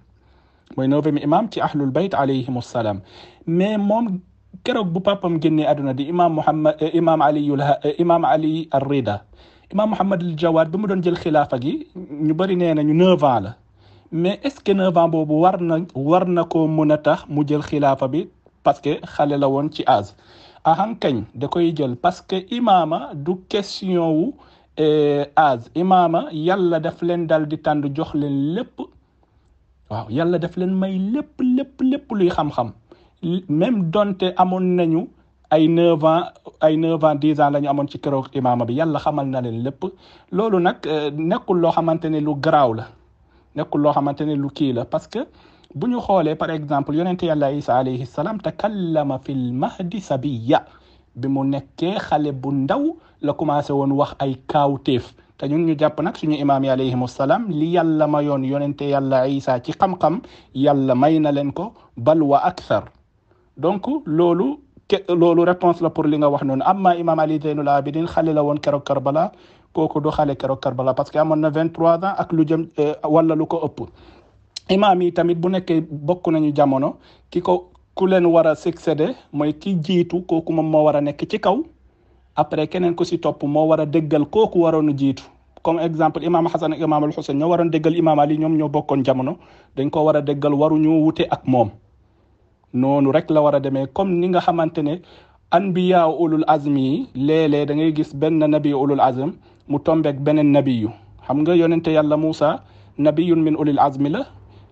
mooy neuvième imam ci ahlul bayt alayhim salaam mais moom keroog bu papam génnee àdduna di imam Muhammad eh, imam Aliyul eh, imam Ali Ar-Rida imam Muhammad al Jawad bi mu doon jël xilaafa gi ñu bëri nee ñu neuf ans la mais est ce que neuf boobu war na war na koo mën a tax mu jël xilaafa bi parce que xale la woon ci âge ahankañ da koy jël parce que imaama du question wu eh, âge imaama yàlla daf leen dal di tànn jox leen lépp waaw yàlla daf leen may lépp lépp lépp luy xam-xam même donte amoon nañu ay neuf ans ay neuf ans dix ans la ñu amoon ci keroog imaama bi yàlla xamal na leen lépp loolu nag euh, nekkul loo xamante ne lu garaaw la nekkul loo xamante ne lu kii la parce que bu ñu xoolee par exemple yonente yàlla isa alayhi salaam takallama fil mahdi sabiya bi mu nekkee xale bu ndaw la commencé woon wax ay kaawteef te ñun ñu jàpp nag suñu imaam yi alayhimu salaam li yàlla mayoon yonente yàlla isa ci xam-xam yàlla may na leen ko bal wa akthar donc loolu ke loolu réponse la pour li nga wax noonu amma imaam ali zeynul abidin xale la woon keroog karbala kooku du xale keroog karbala parce que amoon na vingt trois ans ak lu jëm euh, wala lu ko ëpp yi tamit bu nekkee bokk nañu jamono ki ko ku leen war a succéder mooy ki jiitu kooku moom moo war a nekk ci kaw après keneen ku si topp moo war a déggal kooku waroon jiitu comme exemple imaam Xasan ak imaam Alxuseyn ñoo waroon déggal imaam Ali ñoom jamono dañ ko war a déggal waruñu wute ak moom noonu rek la war a demee comme ni nga xamante ne anbiya ulul azmi yi léeg-léeg da ngay gis benn nabi ulul azm mu tombeek beneen nabiyu xam nga yonente yàlla Moussa nabiyun min ulul azmi la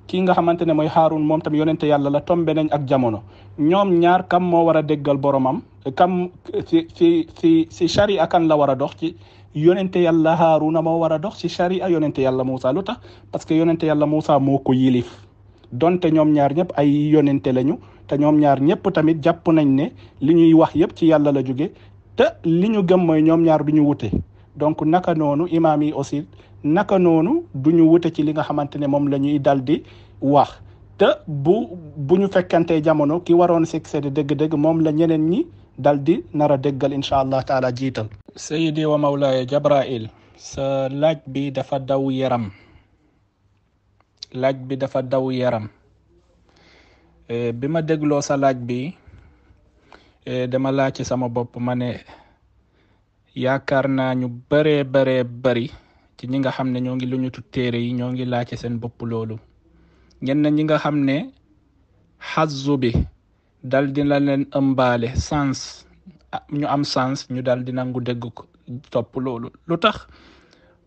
kii nga xamante ne mooy Haarun moom tam yonente yàlla la tombe nañ ak jamono ñoom ñaar kam moo war a déggal boromam kam ci ci ci ci charia la war a dox ci yonente yàlla Haaruna moo war a dox ci charia yonente yàlla Moussa lu tax parce que yonente yàlla Moussa moo ko yilif donte ñoom ñaar ñëpp ay yonente lañu te ñoom ñaar ñëpp tamit jàpp nañ ne li ñuy wax yëpp ci yàlla la jóge te li ñu gëm mooy ñoom ñaar du ñu wute donc naka noonu imaam yi naka noonu du ñu wute ci li nga xamante ne moom la ñuy dal di wax te bu bu ñu fekkantee jamono ki waroon succéder dëgg-dëgg moom la ñeneen ñi dal di nar a déggal allah taala jiital. Sayyidi wa Mawlaaya Jabrail sa laaj bi dafa daw yaram laaj bi dafa daw yaram e, bi ma dégloo sa laaj bi e, dama laaj sama bopp ma ne yaakaar naa ñu bëree ci ñi nga xam ne ñoo ngi lu ñu tut téere yi ñoo ngi laajte seen bopp loolu ñenn ñi nga xam ne xazu bi daldi la leen ëmbaale sens ah, ñu am sens ñu dal di nangu dégg ko topp loolu lu tax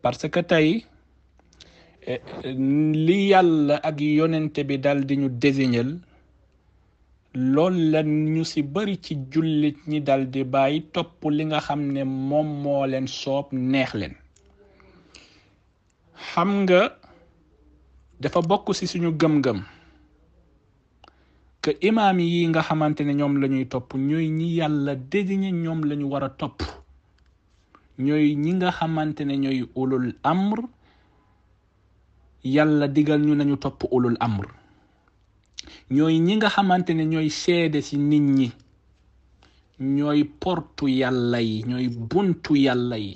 parce que tey eh, li yàlla ak yonente bi daldi ñu désignel lool la ñu si bëri ci jullit ñi daldi di bàyyi topp li nga xam ne moom moo leen soob neex leen xam nga dafa bokk ci suñu gëm-gëm que imaam yi nga xamante ne ñoom la topp ñooy ñi yàlla désigné ñoom la war a topp ñooy ñi nga xamante ne ñooy ulul amr yàlla digal ñu nañu topp ulul amr ñooy ñi nga xamante ne ñooy seede si nit ñi ñooy portu yàlla ñooy buntu yàlla yi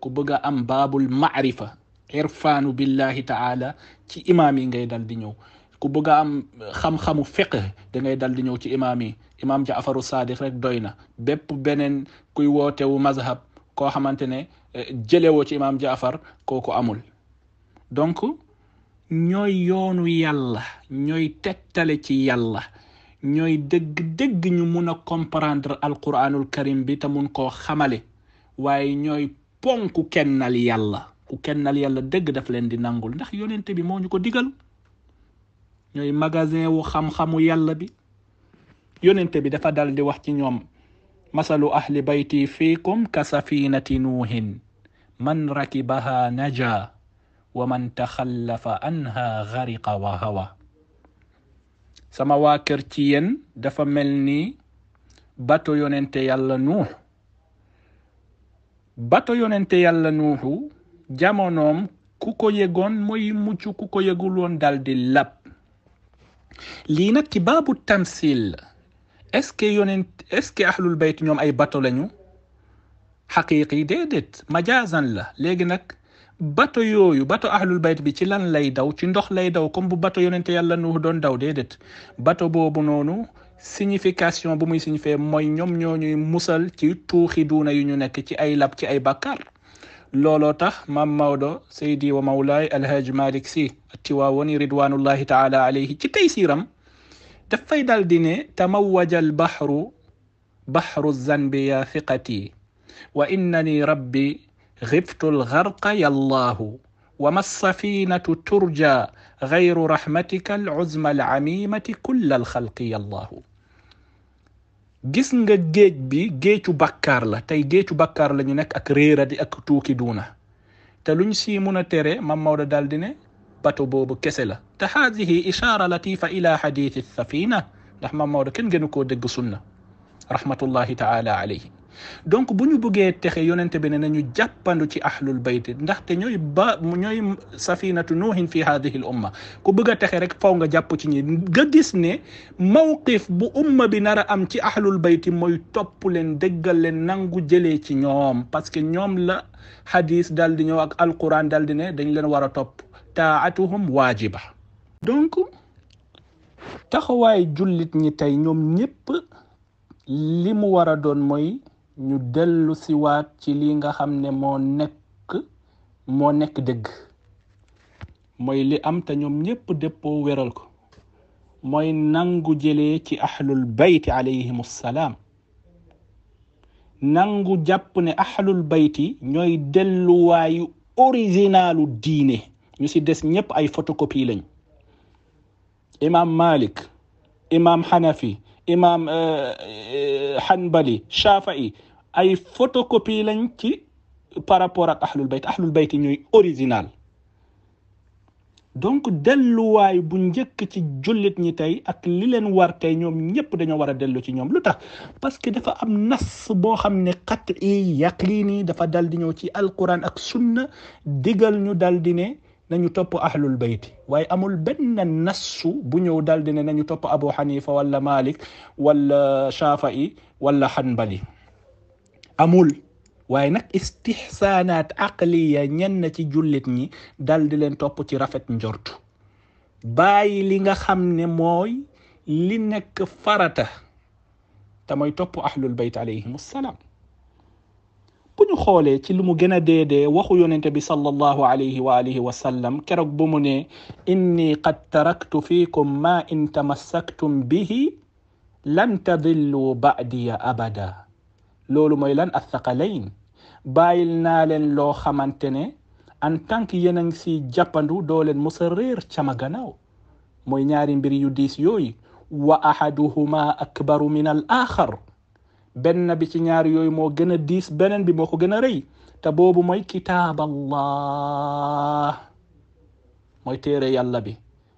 ku bëgg a am baabul maarifa irfaanu billahi taala ci imaam yi ngay dal di ñëw ku bëgg a am xam-xamu fiqh ngay dal di ñëw ci imaam yi imaam Jaafaru Saadiq rek doy na bépp beneen kuy wootewu mazhab koo xamante ne eh, jëlewoo ci imaam Jaafar kooku amul donc ñooy yoonu yàlla ñooy tegtale ci yàlla ñooy dëgg-dëgg ñu mun a comprendre alquranul karim bi te mun koo xamale waaye ñooy ponku kennal yàlla ku kennal yàlla dëgg daf leen di nangul ndax yonente bi moo ñu ko digal ñooy magasin wu xamxamu xamu yàlla bi yonente bi dafa dal di wax ci ñoom masalu ahli bayti fiikum ka safinati nuuhin man rakibaha naja wa man taxallafa anha gariqa wa hawa sama waa kër ci dafa mel ni bato yonente yàlla nuux bato yonente yàlla nuuxu jamonoom ku ko yëgoon mooy mucc ku ko woon dal lab lii nag ci baabu tamsil est-ce que yonent ñoom ay bato lañu xaqiiqi déedéet majaazan la léegi nag bato yooyu bato ahlul bayt bi ci lan lay daw ci ndox lay daw comme bu bato yonente yàlla nu doon daw déedéet bato boobu noonu signification bu muy signifier mooy ñoom ñoo ñuy musal ci tuuxi duuna yu ñu nekk ci ay lab ci ay bàkkaar looloo tax maam Maodo Seydi wa Mawlaay Alhaaj Malick Sy Tiwaawoni ridwanullahi taala alayhi ci tey siiram dafay dal di ne tamawaja albahru bahru zanbi ya fiqati wa innani rabbi xiftu algarqa yallaahu wa ma safinatu turja gayru rahmatika aluzma alamimati kulla alxalqi yallaahu gis nga géej bi géeju bàkkaar la tey géeju bàkkaar la ñu nekk ak réeradi ak tuuki duuna te luñ si mun a tere mam Maodo daal di ne bato boobu kese la te haadihi ishaara latifa ila hadithi safina ndax mam Maodo kenn gënu ko dégg sunna rahmatullahi taala alayhi donc bu ñu bëggee texe yonente bi ne nañu jàppandu ci ahlul bayt ndaxte ñooy ba ñooy safinatu nuuhin fi hadihi l umma ku bëgg a texe rek faw nga jàpp ci ñi nga gis ne mawqif bu umma bi nar a am ci ahlul bayt mooy topp leen déggal leen nangu jëlee ci ñoom parce que ñoom la hadis dal di ñëw ak alquran dal di ne dañ leen war a topp taatuhum waajiba donc taxawaay jullit ñi tey ñoom ñëpp li mu war a doon mooy ñu dellu siwaat ci li nga xam ne moo nekk moo mooy li am te ñoom ñépp dëppoo wéral ko mooy nangu jëlee ci ahlul bayti alayhim nangu jàpp ne ahlul bayti ñooy delluwaayu originalu diine ñu si des ñépp ay photocopie lañ imam malik imam hanafi imam euh, euh, hanbali shafi'i ay photocopie lañ ci par rapport ak ahlul bayt ahlul bayt ñooy original donc delluwaay bu njëkk ci jullit ñi tey ak li leen war tey ñoom ñëpp dañoo war a dellu ci ñoom lu tax parce que dafa am nas boo xam ne xat i yaqini dafa dal di ñëw ci alquran ak sunna digal ñu dal di ne nañu topp ahlul bayti waaye amul benn nassu bu ñëw dal di ne nañu topp abu xanifa wala malik wala shafai wala xanbali amul waaye nag istixsaanaat aqliya ñenn ci jullit ñi dal di leen topp ci rafet njortu bàyyi li nga xam ne mooy li nekk farata te mooy topp ahlul bayt alayhim salaam bu ñu xoolee ci lu mu gën a deedee waxu yonente bi sallallahu alayhi wa alihi wa sallam keroog bu mu ne inni qad taraktu fiikum ma in tamassaktum bihi lan tadillu ba'diya abada loolu mooy lan athaqalayn bàyyil naa leen loo xamante ne en tant que si jàppandu doo leen mos a réer cama mooy ñaari mbir yu diis yooyu wa ahaduhuma akbaru min al axar benn bi ci ñaar yooyu moo gën a diis beneen bi moo ko gën a rëy te boobu mooy kitaab allah mooy téere yàlla bi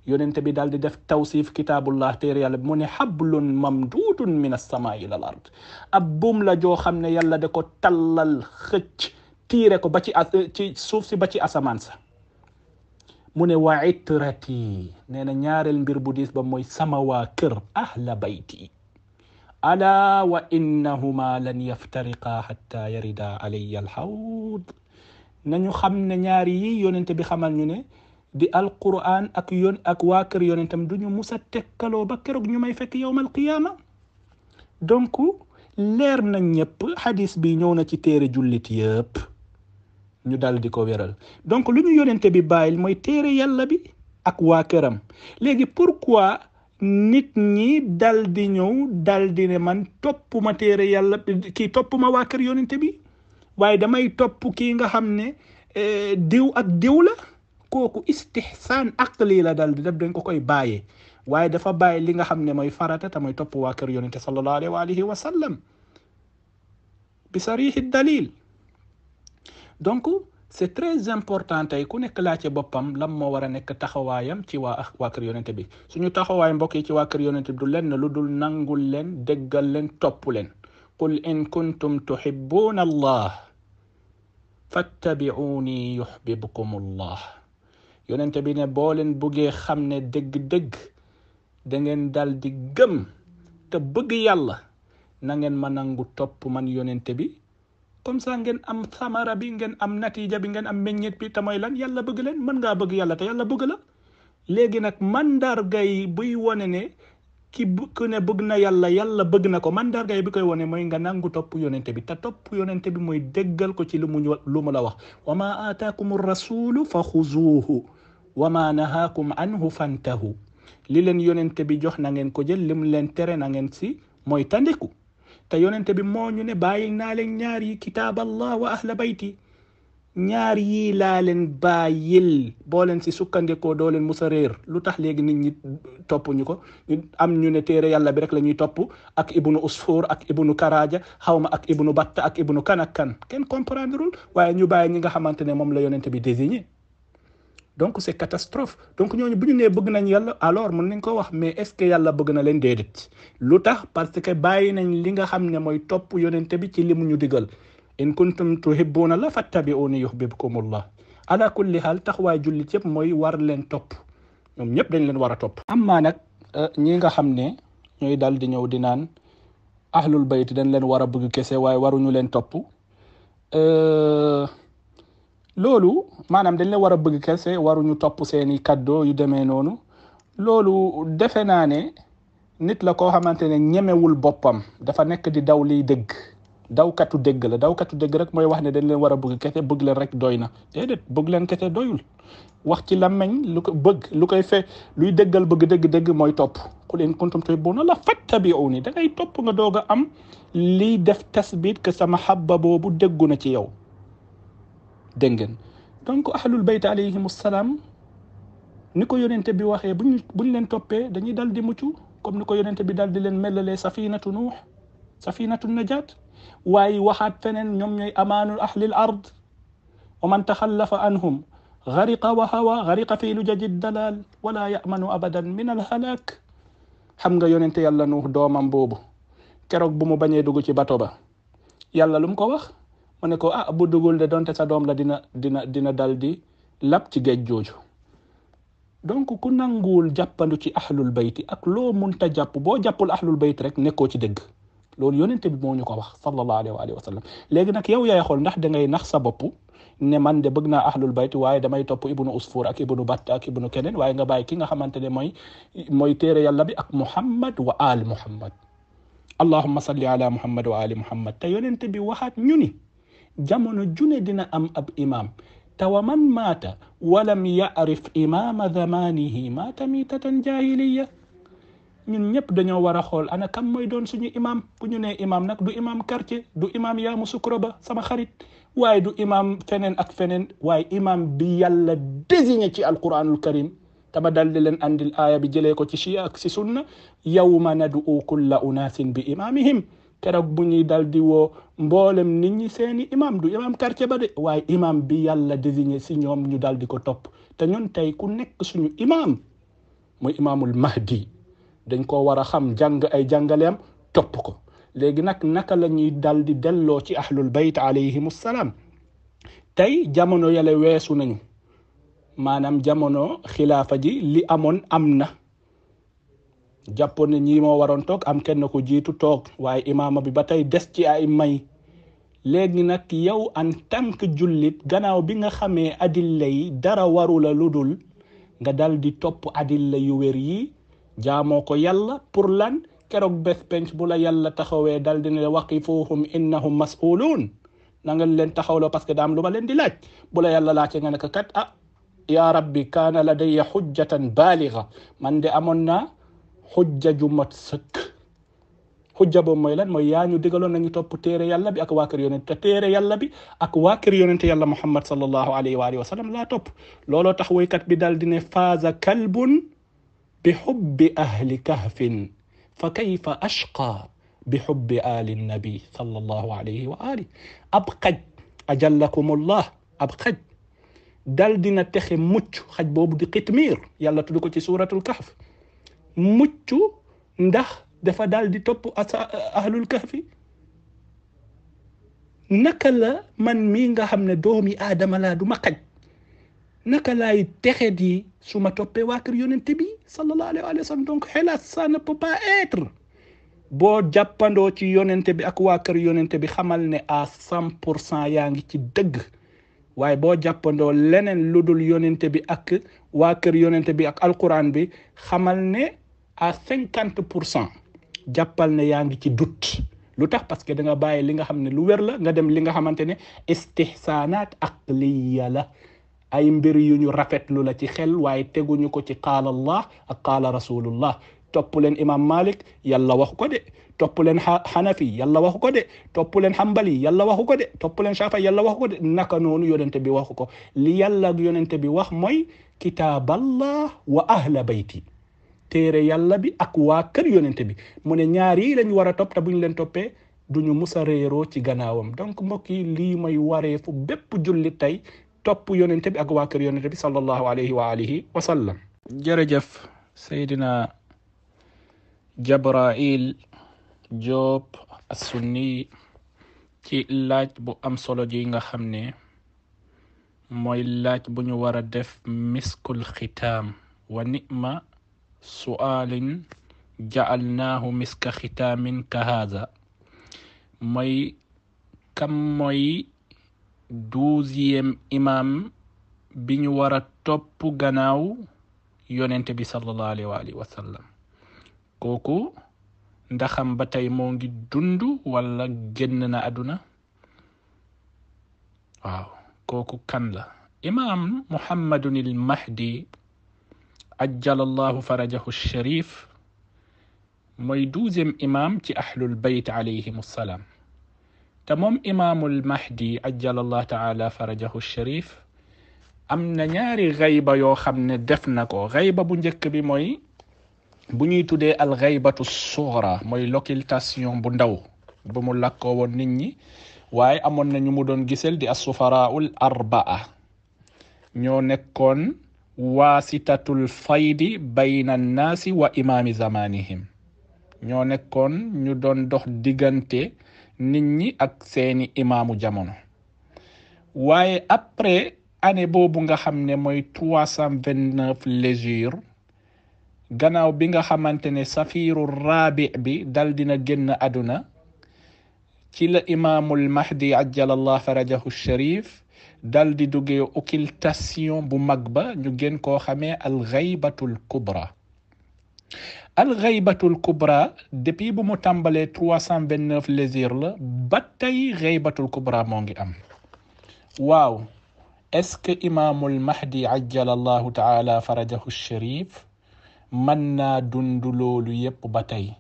yonente bi daal di def tawsif kitaabullah téere yàlla bi mu ne hablun mamdudun min as-samaa ila al ab buum la joo xam ne yàlla de ko tallal xëcc tiire ko ba ci ci suuf si ba ci asamaan sa mu ne wa itrati ne na ñaareel mbir bu diis ba mooy sama waa kër ahla bayti ala wa innahuma lan yaftariqa hatta yarida alayya alhawd nañu xam ne ñaari yi yonente bi xamal ñu ne di alquran ak yoon ak waa kër yonentam du ñu mus a tekkaloo ba keroog ñu may fekk yowmal qiyaama donc leer na ñëpp xadis bi ñëw na ci téere jullit yëpp ñu dal ko wéral donc lu ñu yonente bi bàyyil mooy téere yàlla bi ak waa këram léegi pourquoi nit ñi dal di ñëw dal di ne man toppuma téere yàlla kii toppuma waa kër yonente bi waaye damay topp kii nga xam ne eh, diw ak diw la kooku istihsaan aqli la dal di def dañ ko koy bàyyee waaye dafa bàyyi li nga xam ne mooy farata te mooy topp waa kër yonente sallallahu alayhi wa alihi wa sallam bi sarihi dalil donc c'est très important tey ku nekk laajte boppam lan moo war a nekk taxawaayam ci waa waa kër yonente bi suñu taxawaay mbokk yi ci waa kër yonente bi du leen lu dul nangul leen déggal leen topp leen qul in kuntum tuhibbuuna allah fattabi'uuni yuhbibkum allah yonente bi ne boo leen buggee xam ne dëgg-dëgg da ngeen dal di gëm te bëgg yàlla na ngeen ma nangu topp man yonente bi comme ça ngeen am samara bi ngeen am natija bi ngeen am meññet bi te mooy lan yàlla bëgg leen mën ngaa bëgg yàlla te yàlla bëgg la léegi nag mandarga yi buy wone ne ki ku ne bëgg na yàlla yàlla bëgg na ko mandarga bi koy wone mooy nga nangu topp yonente bi te topp yonente bi mooy déggal ko ci lu mu lu mu la wax wa ma rasulu fa xuzuuhu wa ma nahaakum anhu fantahu li leen yonente bi jox na ngeen ko jël lim leen tere na ngeen si mooy tandiku te yonente bi moo ñu ne bàyyi naa leen ñaar yi kitaab allah wa ahla bayti ñaar yii laa leen bàyyil boo leen si sukkandikoo doo leen musa réer lu tax léegi nit ñi topp ñu ko am ñu ne téere yàlla bi rek la ñuy topp ak ibnu usfur ak ibnu karaja xawma ak ibnu batta ak ibnu kan ak kan kenn comprendreul waaye ñu bàyyi ñi nga xamante ne moom la yonente bi désigné donc c' est catastrophe donc ñooñu bu ñu nee bëgg nañ yàlla alors mën nañ ko wax mais est ce que yàlla bëgg na leen déedéet lu tax parce que bàyyi nañ li nga xam ne mooy topp yonente bi ci li mu ñu digal in kuntum tuhibbuuna la fattabi'uuni yuhbibkumullah ala kulli haal taxawaay jullit yëpp mooy war leen topp ñoom ñëpp dañ leen war a topp ammaa nag euh, ñi nga xam ne ñooy dal di ñëw di naan ahlul bayt dañ leen war a bëgg kese waaye waruñu leen topp euh, loolu maanaam dañ la war a bëgg kese ñu topp seeni kaddoo yu demee noonu loolu defe naa ne nit la koo xamante ne ñemewul boppam dafa nekk di daw liy dëgg dawkatu dëgg la dawkatu dëgg rek mooy wax ne dañ leen war a bëgg kese bëgg leen rek doy na déedéet bëgg leen kese doyul wax ci làmmiñ lu ko bëgg lu koy fe luy dëggal bëgg dëgg mooy topp qul in kuntum tuhibbuna la fattabi'uni da ngay topp nga doog a am liy def tasbit que sama xabba boobu dëggu na ci yow dengeen ngeen donc ahlul bayt salaam ni ko yonente bi waxee bu buñ leen toppee dañuy dal di mucc comme ni ko yonente bi dal di leen melalee safinatu nuux safinatu najaat waaye waxaat feneen ñoom ñooy amaanul ahlil ard wa man taxallafa anhum gariqa wa hawa gariqa fii lujaji dalal wala yamanu abadan min alhalak xam nga yonente yàlla nuux doomam boobu keroog bu mu bañee dugg ci bato ba yàlla lu ko wax mu ne ko ah bu dugul de donte sa doom la dina dina dina dal di lab ci géej jooju donc ku nanguwul jàppandu ci ahlul bayti ak loo mun ta jàpp boo jàppul ahlul bayt rek nekkoo ci dëgg loolu yonent bi moo ñu ko wax sallallahu alayhi wa alihi wa sallam léegi nag yow yaay xool ndax da ngay nax sa bopp ne man de bëgg naa ahlul bayt waaye damay topp ibnu usfur ak ibnu batt ak ibnu keneen waaye nga bàyyi ki nga xamante ne mooy mooy téere yàlla bi ak muhammad wa ali muhammad allahumma salli ala muhammad wa ali muhammad te yonent bi waxaat ñu ni jamono june dina am ab imaam tawa man maata walam yarif imaama zamanihi maata miitatan jahiliya ñun ñëpp dañoo war a xool ana kam mooy doon suñu imaam ku ñu nee imaam nag du imaam karce du imaam yaamu sukro ba sama xarit waaye du imaam feneen ak feneen waaye imaam bi yàlla désigné ci alquranul karim tama dal di leen andil aaya bi jëlee ko ci chia ak si sunna yawma nadu kulla unaasin bi imaamihim keroog bu ñuy dal di woo mboolem nit ñi seeni imam du imam quartier ba de waaye imaam bi yàlla désigné si ñoom ñu dal ko topp te ñun tey ku nekk suñu imam muy imaamul mahdi dañ ko war a xam jàng ay jàngaleem topp ko léegi nag naka la ñuy dal di delloo ci ahlul bayt alayhimu salaam tey jamono yale weesu nañu maanaam jamono xilaafa ji li amoon am na jàppoon ne ñii moo waroon toog am kenn ko jiitu toog waaye imaama bi ba tey des ci ay may léegi nag yow en tant que jullit gannaaw bi nga xamee adilla dara warula la lu dul nga dal di topp adilla yu wér yi jaamoo ko yàlla pour lan keroog bés penc bu la yàlla taxawee dal di ne waqifuhum innahum mas'uluun na nga leen taxawloo parce que daam lu ma leen di laaj bu la yàlla laajte nga ne ko kat ah yaa rabbi kaana ladayya xujjatan baaliga man de amoon naa xujja ju mat sëkk xujja boobu mooy lan mooy yaa ñu digaloon nañu topp téere yàlla bi ak waa kër yonente te téere yàlla bi ak waa kër yonente yàlla muhammad sallallahu alayhi wa alihi wa sallam laa topp looloo tax woykat bi daal di ne faaza kalbun bi xubbi ahli kahfin fa kayfa ashqa bi xubbi ali nabi sallallahu alayhi wa ali ab xaj ajallakumullah ab xaj dal dina texe mucc xaj boobu di xitmiir yàlla tudd ko ci suratul kahf muccu ndax dafa daal di topp asa ahlul kahfi naka la man mii nga xam ne doomi aadama laa du ma xaj naka laay texe di su ma toppee waa kër yonente bi sallallahu alayhi wa sallam donc hélas ça ne pas être boo jàppandoo ci yonente bi ak waa kër yonente bi xamal ne à cent pour yaa ngi ci dëgg waaye boo jàppandoo leneen lu dul yonente bi ak waa kër yonente bi ak alquran bi xamal ne à cinquante pour cent jàppal ne yaa ngi ci doute lu tax parce que da nga bàyyi li nga xam ne lu wér la nga dem li nga xamante ne istihsaanaat aqliya la ay mbir yu ñu rafetlu la ci xel waaye teguñu ko ci qaala allah ak qaala rasulullah topp leen imam malik yalla waxu ko de topp leen xanafi yàlla waxu ko de topp leen xambali yàlla waxu ko de topp leen shafa yàlla waxu ko de naka noonu yonente bi waxu ko li yàlla yonente bi wax mooy kitaaballah wa ahla bayti téere yàlla bi ak waa kër yonente bi mu ne ñaar yi lañ war a topp te buñ leen toppee duñu musa réeroo ci gannaawam donc mbokk yi lii mooy wareefu bépp jullit tey topp yonente bi ak waa kër yonente bi sallallahu alayhi wa alihi wa sallam jërëjëf Seydina Jabrail Joob Assunni ci laaj bu am solo ji nga xam ne mooy laaj bu ñu war a def miskul xitaam wa nima su'aalin ja'alnaahu miska xitaamin kahaza mooy kam mooy douzième imam bi ñu war a topp gannaaw yonente bi sallallahu alayhi wa kooku ndaxam ba tey moo ngi dund wala génn àdduna waaw kooku kan la imaam muhammadunil ajjalallahu farajahu sharif mooy douzième imam ci ahlul bayt alayhim salaam te moom imaamul mahdi ajjalallahu taala farajahu sharif am na ñaari xayba yoo xam ne def na ko xayba bu njëkk bi mooy bu ñuy tuddee al xaybatu sughra mooy l'occultation bu ndaw bu mu lakkoo nit ñi waaye amoon na ñu mu doon gisel di as sufaraul nekkoon waasitatul faydi bayna annaasi wa imaami zamanihim ñoo nekkoon ñu doon dox diggante nit ñi ak seeni imaamu jamono waaye après année boobu nga xam ne mooy trois cent vingt neuf légire gannaaw bi nga xamante ne safiiru rabi bi dal dina génn àdduna ci la imaamul mahdi ajjalallahu farajahu sharif dal di duggee occultation bu mag ba ñu gën koo xamee alxaybatul kubra alxaybatul kubra depuis bu mu tàmbalee trois cent vingt neuf lésir la ba tey xaybatul kubra moo ngi am waaw est-ce que imaamul mahdi ajjala allahu taala farajahu sharif mën naa dund loolu yépp ba tey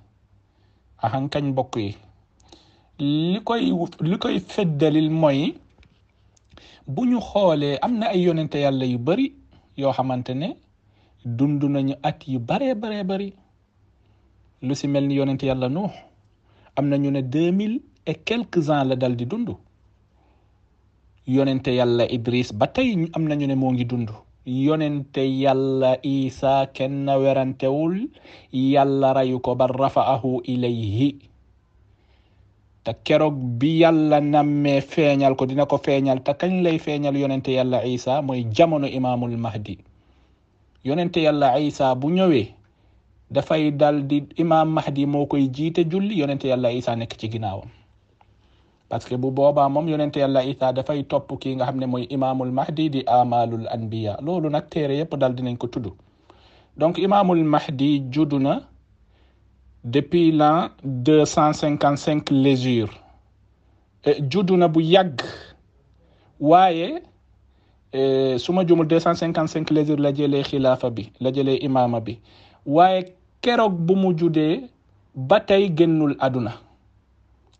axankañ mbokk yi li bu ñu xoolee am na ay yonente yàlla yu bari yoo xamante ne dund nañu at yu baree baree bari lu si mel ni yonente yàlla nuux am na ñu ne deux mille et quelques ans la dal di dund yonente yàlla Idris ba tey am na ñu ne moo ngi dund yonente yàlla Isa kenn werantewul yàlla rayu ko ba rafaahu ilayhi te keroog bi yàlla nammee feeñal ko dina ko feeñal te kañ lay feeñal yonente yàlla isa mooy jamono imaamul mahdi yonente yàlla isa bu ñëwee dafay dal di imaam mahdi moo koy jiite julli yonente yàlla isa nekk ci ginnaawam parce que bu boobaa moom yonente yàlla isa dafay topp kii nga xam ne mooy imaamul mahdi di amalul anbiya loolu nag téere yépp dal dinañ ko tudd donc imaamul mahdi juddu depuis l'an deux cent cinquante cinq légire juddu na bu yàgg waaye e, su ma jumul deux cent cinquante cinq légire la jëlee xilaafa bi la jëlee imaama bi waaye keroog bu mu judee ba tey génnul àdduna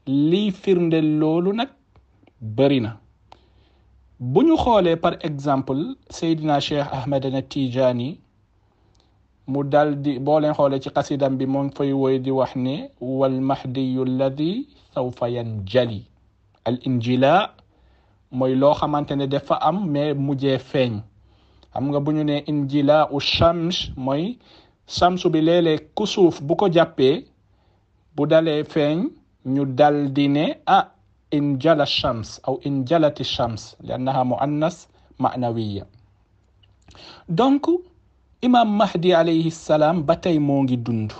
lii firnde loolu nag bëri na bu ñu xoolee par exemple Seydina Cheikh Ahmed na Tijaani mu dal di boo leen xoolee ci xasidam bi moom fay woy di wax ne wal di alladi sawfa yanjali al injila mooy loo xamante ne dafa am mais mujjee feeñ xam nga bu ñu ne injila u shams mooy samsu bi léeg-léeg ku suuf bu ko jàppee bu dalee feeñ ñu daldi ne a ah, injala shams aw injalati shams li annaha muannas ma'nawiya donc imaam mahdi alayhi salaam ba tey moo ngi dund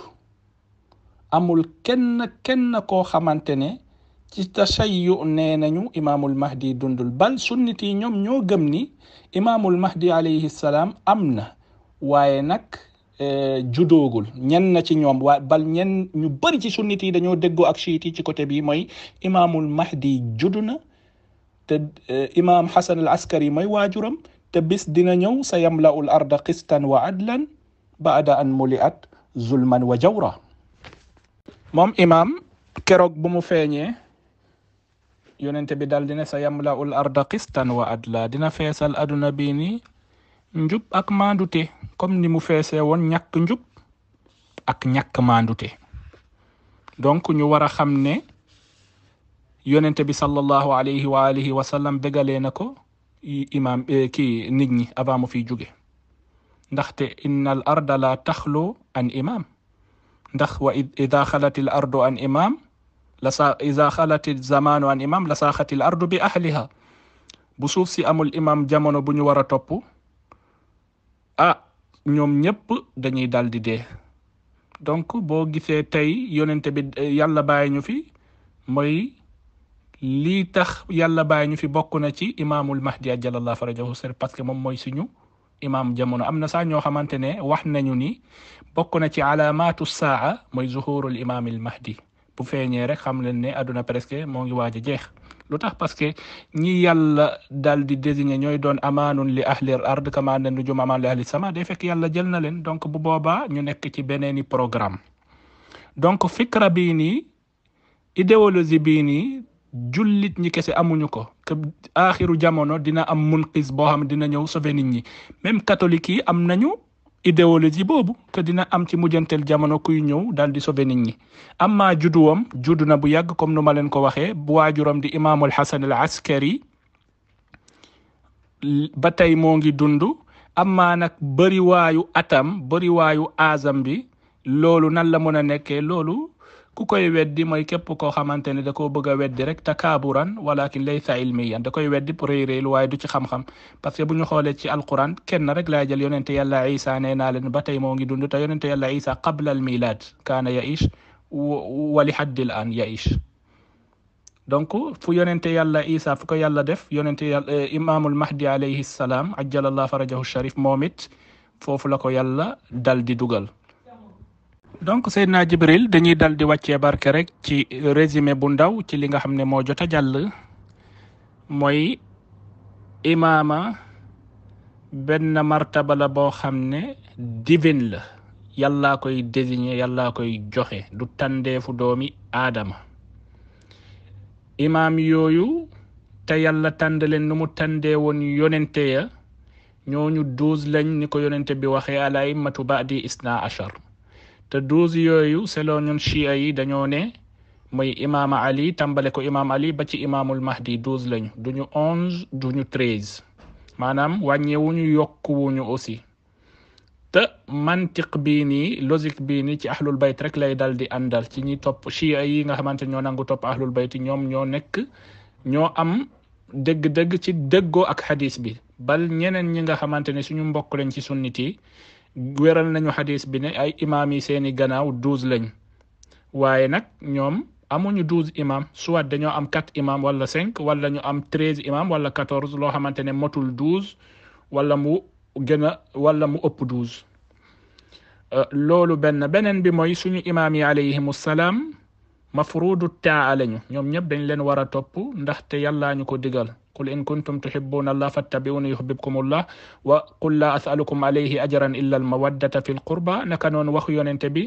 amul kenn kenn koo xamante ne ci tashayyu nee nañu imaamul mahdi dundul bal sunnit yi ñoom ñoo gëm ni imaamul mahdi alayhi salaam am na waaye nag eh, judoogul ñen na ci ñoom waa bal ñu bëri ci sunnit yi dañoo déggoo ak chiit ci côté bii mooy imaamul mahdi judd na te eh, imaam Xasan al Askari mooy waajuram te bis dina ñëw sa yamlaul arda qistan wa adlan baada an muliat zulman wa jawra moom imaam keroog bu mu feeñee yonente bi dal dina sa yamlaul arda qistan wa adla dina feesal aduna bi ni njub ak maandute comme ni mu feesee woon ñakk njub ak ñakk maandute donc ñu war a xam ne yonente bi sallallahu alayhi wa alihi wa sallam dëgalee na ko imaam eh, kii nit ñi avant mu fiy jóge ndaxte inna al arda la taxlu an imam ndax wa ida xalat ardu an imam la saa ida xalat il zamaanu an imam la ardu bi ahliha bu suuf si amul imam jamono bu ñu war a topp ah ñoom ñëpp dañuy dal di dee donc boo gisee tey yonente bi eh, yàlla bàyyi ñu fi mooy lii tax yàlla bàyyi ñu fi bokk na ci imaamul mahdi ajalallah farajahu sir parce que moom mooy suñu imaam jamono am na sax ñoo xamante ne wax nañu ni bokk na ci alaamaatu saa mooy zuhurul imaamil mahdi bu feeñee rek xam leen ne àdduna presque moo ngi waaj a jeex lu tax parce que ñi yàlla daal di désigné ñooy doon amaanun li ahli ard kama ne nujum amaan li ahli sama day fekk yàlla jël na leen donc bu boobaa ñu nekk ci beneeni programme donc fikra bii nii idéologie jullit ñi kese amuñu ko que aaxiru jamono dina am munqis boo xam dina ñëw sauver nit ñi même catholique yi am nañu idéologie boobu que dina am ci mujjanteel jamono kuy ñëw daal di sauver nit ñi amaa judduwam juddu na bu yàgg comme nu ma leen ko waxee bu waajuram di imaamul Hasan al Askari ba tey moo ngi dund amaa nag bëriwaayu atam bëriwaayu aazam bi loolu nan la mën a nekkee loolu ku koy weddi mooy képp koo xamante ne da koo bëgg a weddi rek takaaburan walakin laysa ilmiyan da koy weddi pour réy réylu waaye du ci xam-xam parce que bu ñu xoolee ci alquran kenn rek laa jël yonente yàlla isa nee naa leen ba tey moo ngi dund te yonente yàlla isa qabla al milad kaana yaish wali haddil an yaish donc fu yonente yàlla isa fu ko yàlla def yonente yàlla eh, imaamul mahdi alayhi salaam ajjalallah farajahu sharif moom it foofu la ko yàlla dal di dugal donc Seydina Jibril dañuy dal di wàccee barke rek ci résumé bu ndaw ci li nga xam ne moo jot a jàll mooy imaama benn martaba la boo xam ne divine la yàllaa koy désigner yàllaa koy joxe du tàndeefu doomi aadama imaam yooyu te yàlla tànd leen nu mu tàndee woon yonente ya ñooñu lañ ni ko yonente bi waxee ala immatu baadi isna achar te douze yooyu selon ñun chia yi dañoo ne mooy imaam Ali tàmbale ko imaam Ali ba ci imaamul Mahdi douze lañu du ñu onze du ñu treize maanaam wàññeewuñu yokkuwuñu aussi te mantiq bii nii logique bii nii ci ahlul bayt rek lay dal di àndal ci ñi topp chia yi nga xamante ñoo nangu topp ahlul bayt ñoom ñoo nekk ñoo am dëgg-dëgg ci dëggo ak xadis bi bal ñeneen ñi nga xamante ne suñu mbokk lañ ci sunnit yi wéral nañu xadis bi ne ay imaam yi seeni gannaaw douze lañ waaye nag ñoom amuñu douze imam soit dañoo am quatre imam wala cinq wala ñu am treize imam wala quatorze loo xamante ne motul douze wala mu gën wala mu ëpp douze euh, loolu benn beneen bi mooy suñu imaam yi alayhimu salaam mafrudu taa lañu ñoom ñëpp dañ leen war a topp ndaxte yàllaa ñu ko digal qul in kuntum tuhibbuna allah fattabi'uni yuhbibkumullah wa qul la as'alukum alayhi ajran illa al mawaddata fi l qurba naka noonu waxu yonente bi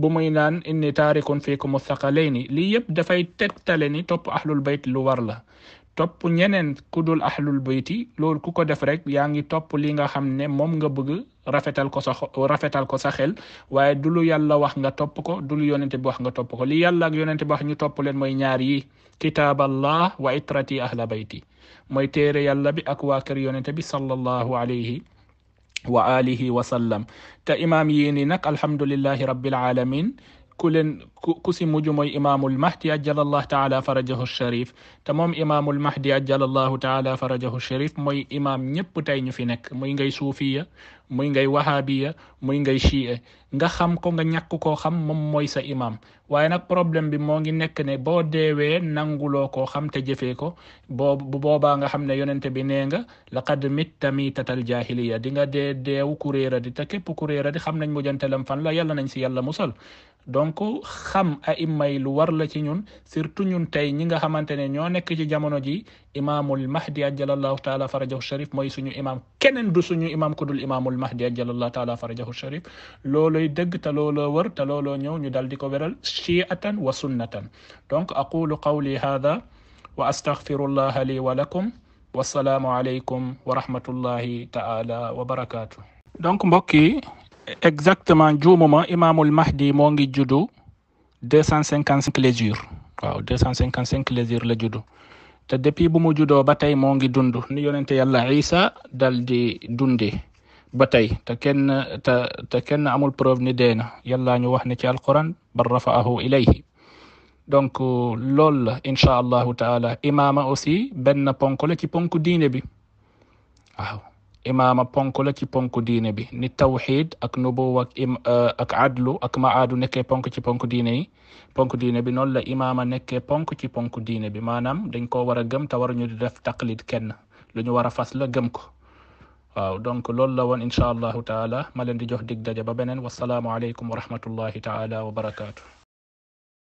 bu muy naan inni taarikun fiikum thaqalayni lii yëpp dafay tegtale ni topp ahlul bayt lu war la topp ñeneen ku dul ahlul bayti loolu ku ko def rek yaa ngi topp li nga xam ne moom nga bëgg rafetal ko sa rafetal ko sa xel waaye du lu wax nga topp ko du lu yonente bi wax nga topp ko li yàlla ak yonente bi wax ñu topp leen mooy ñaar yi kitaaballah wa itrati ahla bayti mooy téere yàlla bi ak waa kër yonente bi sallallahu alayhi wa alihi wa sallam te imaam yii nii nag alhamdulillahi rabbil alamin ku leen ku si mujj mooy imaamul mahdi ajjalallahu taala farajahu sharif te moom imaamul mahdi ajjalallahu taala farajahu sharif mooy imaam ñëpp tey ñu fi nekk muy ngay suufiya muy ngay wahabiya muy ngay chiite nga xam ko nga ñàkk koo xam moom mooy sa imaam waaye nag problème bi moo ngi nekk ne boo deewee nanguloo koo xam te jëfee ko boo boobaa nga xam ne yonente bi nee nga laqad mitta miitatal jahiliya di nga dee deew kuréera di te képp kuréera di xam nañ mujjantelam fan la yàlla nañ si yàlla musal donc xam aima yi lu war la ci ñun surtout ñun tey ñi nga xamante ne ñoo nekk ci jamono ji imaamul mahdi ajalallahu taala farajahu sharif mooy suñu imaam keneen du suñu imaam ku dul imaamul mahdi ajalallahu taala farajahu sharif looloy dëgg te looloo wër te looloo ñëw ñu dal di ko wéral chiatan wa sunnatan donc aqulu qawli hada wa astaghfirullaha li wa lakum wassalaamu alaykum wa rahmatullahi taala wa barakaatu donc mbokk yi exactement juumuma imaamul mahdi moo ngi juddu deux cent cinquante cinq lésure waaw deux cent cinquant cinq lésure la judu te depuis bu mu juddoo ba tey moo ngi dund ni yonente yàlla isa dal di dundi ba tey te kenn amul preuve ni dee na yàlla ñu wax ne ci alquran bal rafaahu ilayhi donc loolu la incha allahu taala imaama aussi benn ponk la ci ponk diine bi waaw imaama ponk la ci ponk diine bi ni tawxid ak nubuwa ak im euh, ak adlu ak maadu nekkee ponk ci ponk diine yi ponk diine bi noonu la imaama nekkee ponk ci ponk diine bi maanaam dañ koo war a gëm te waruñu di def taqlid kenn lu ñu war a fas la gëm ko donc loolu la woon incha allahu taala ma leen di jox dig daje ba beneen wasalaamu aleykum wa rahmatullahi taala wa barakaatu.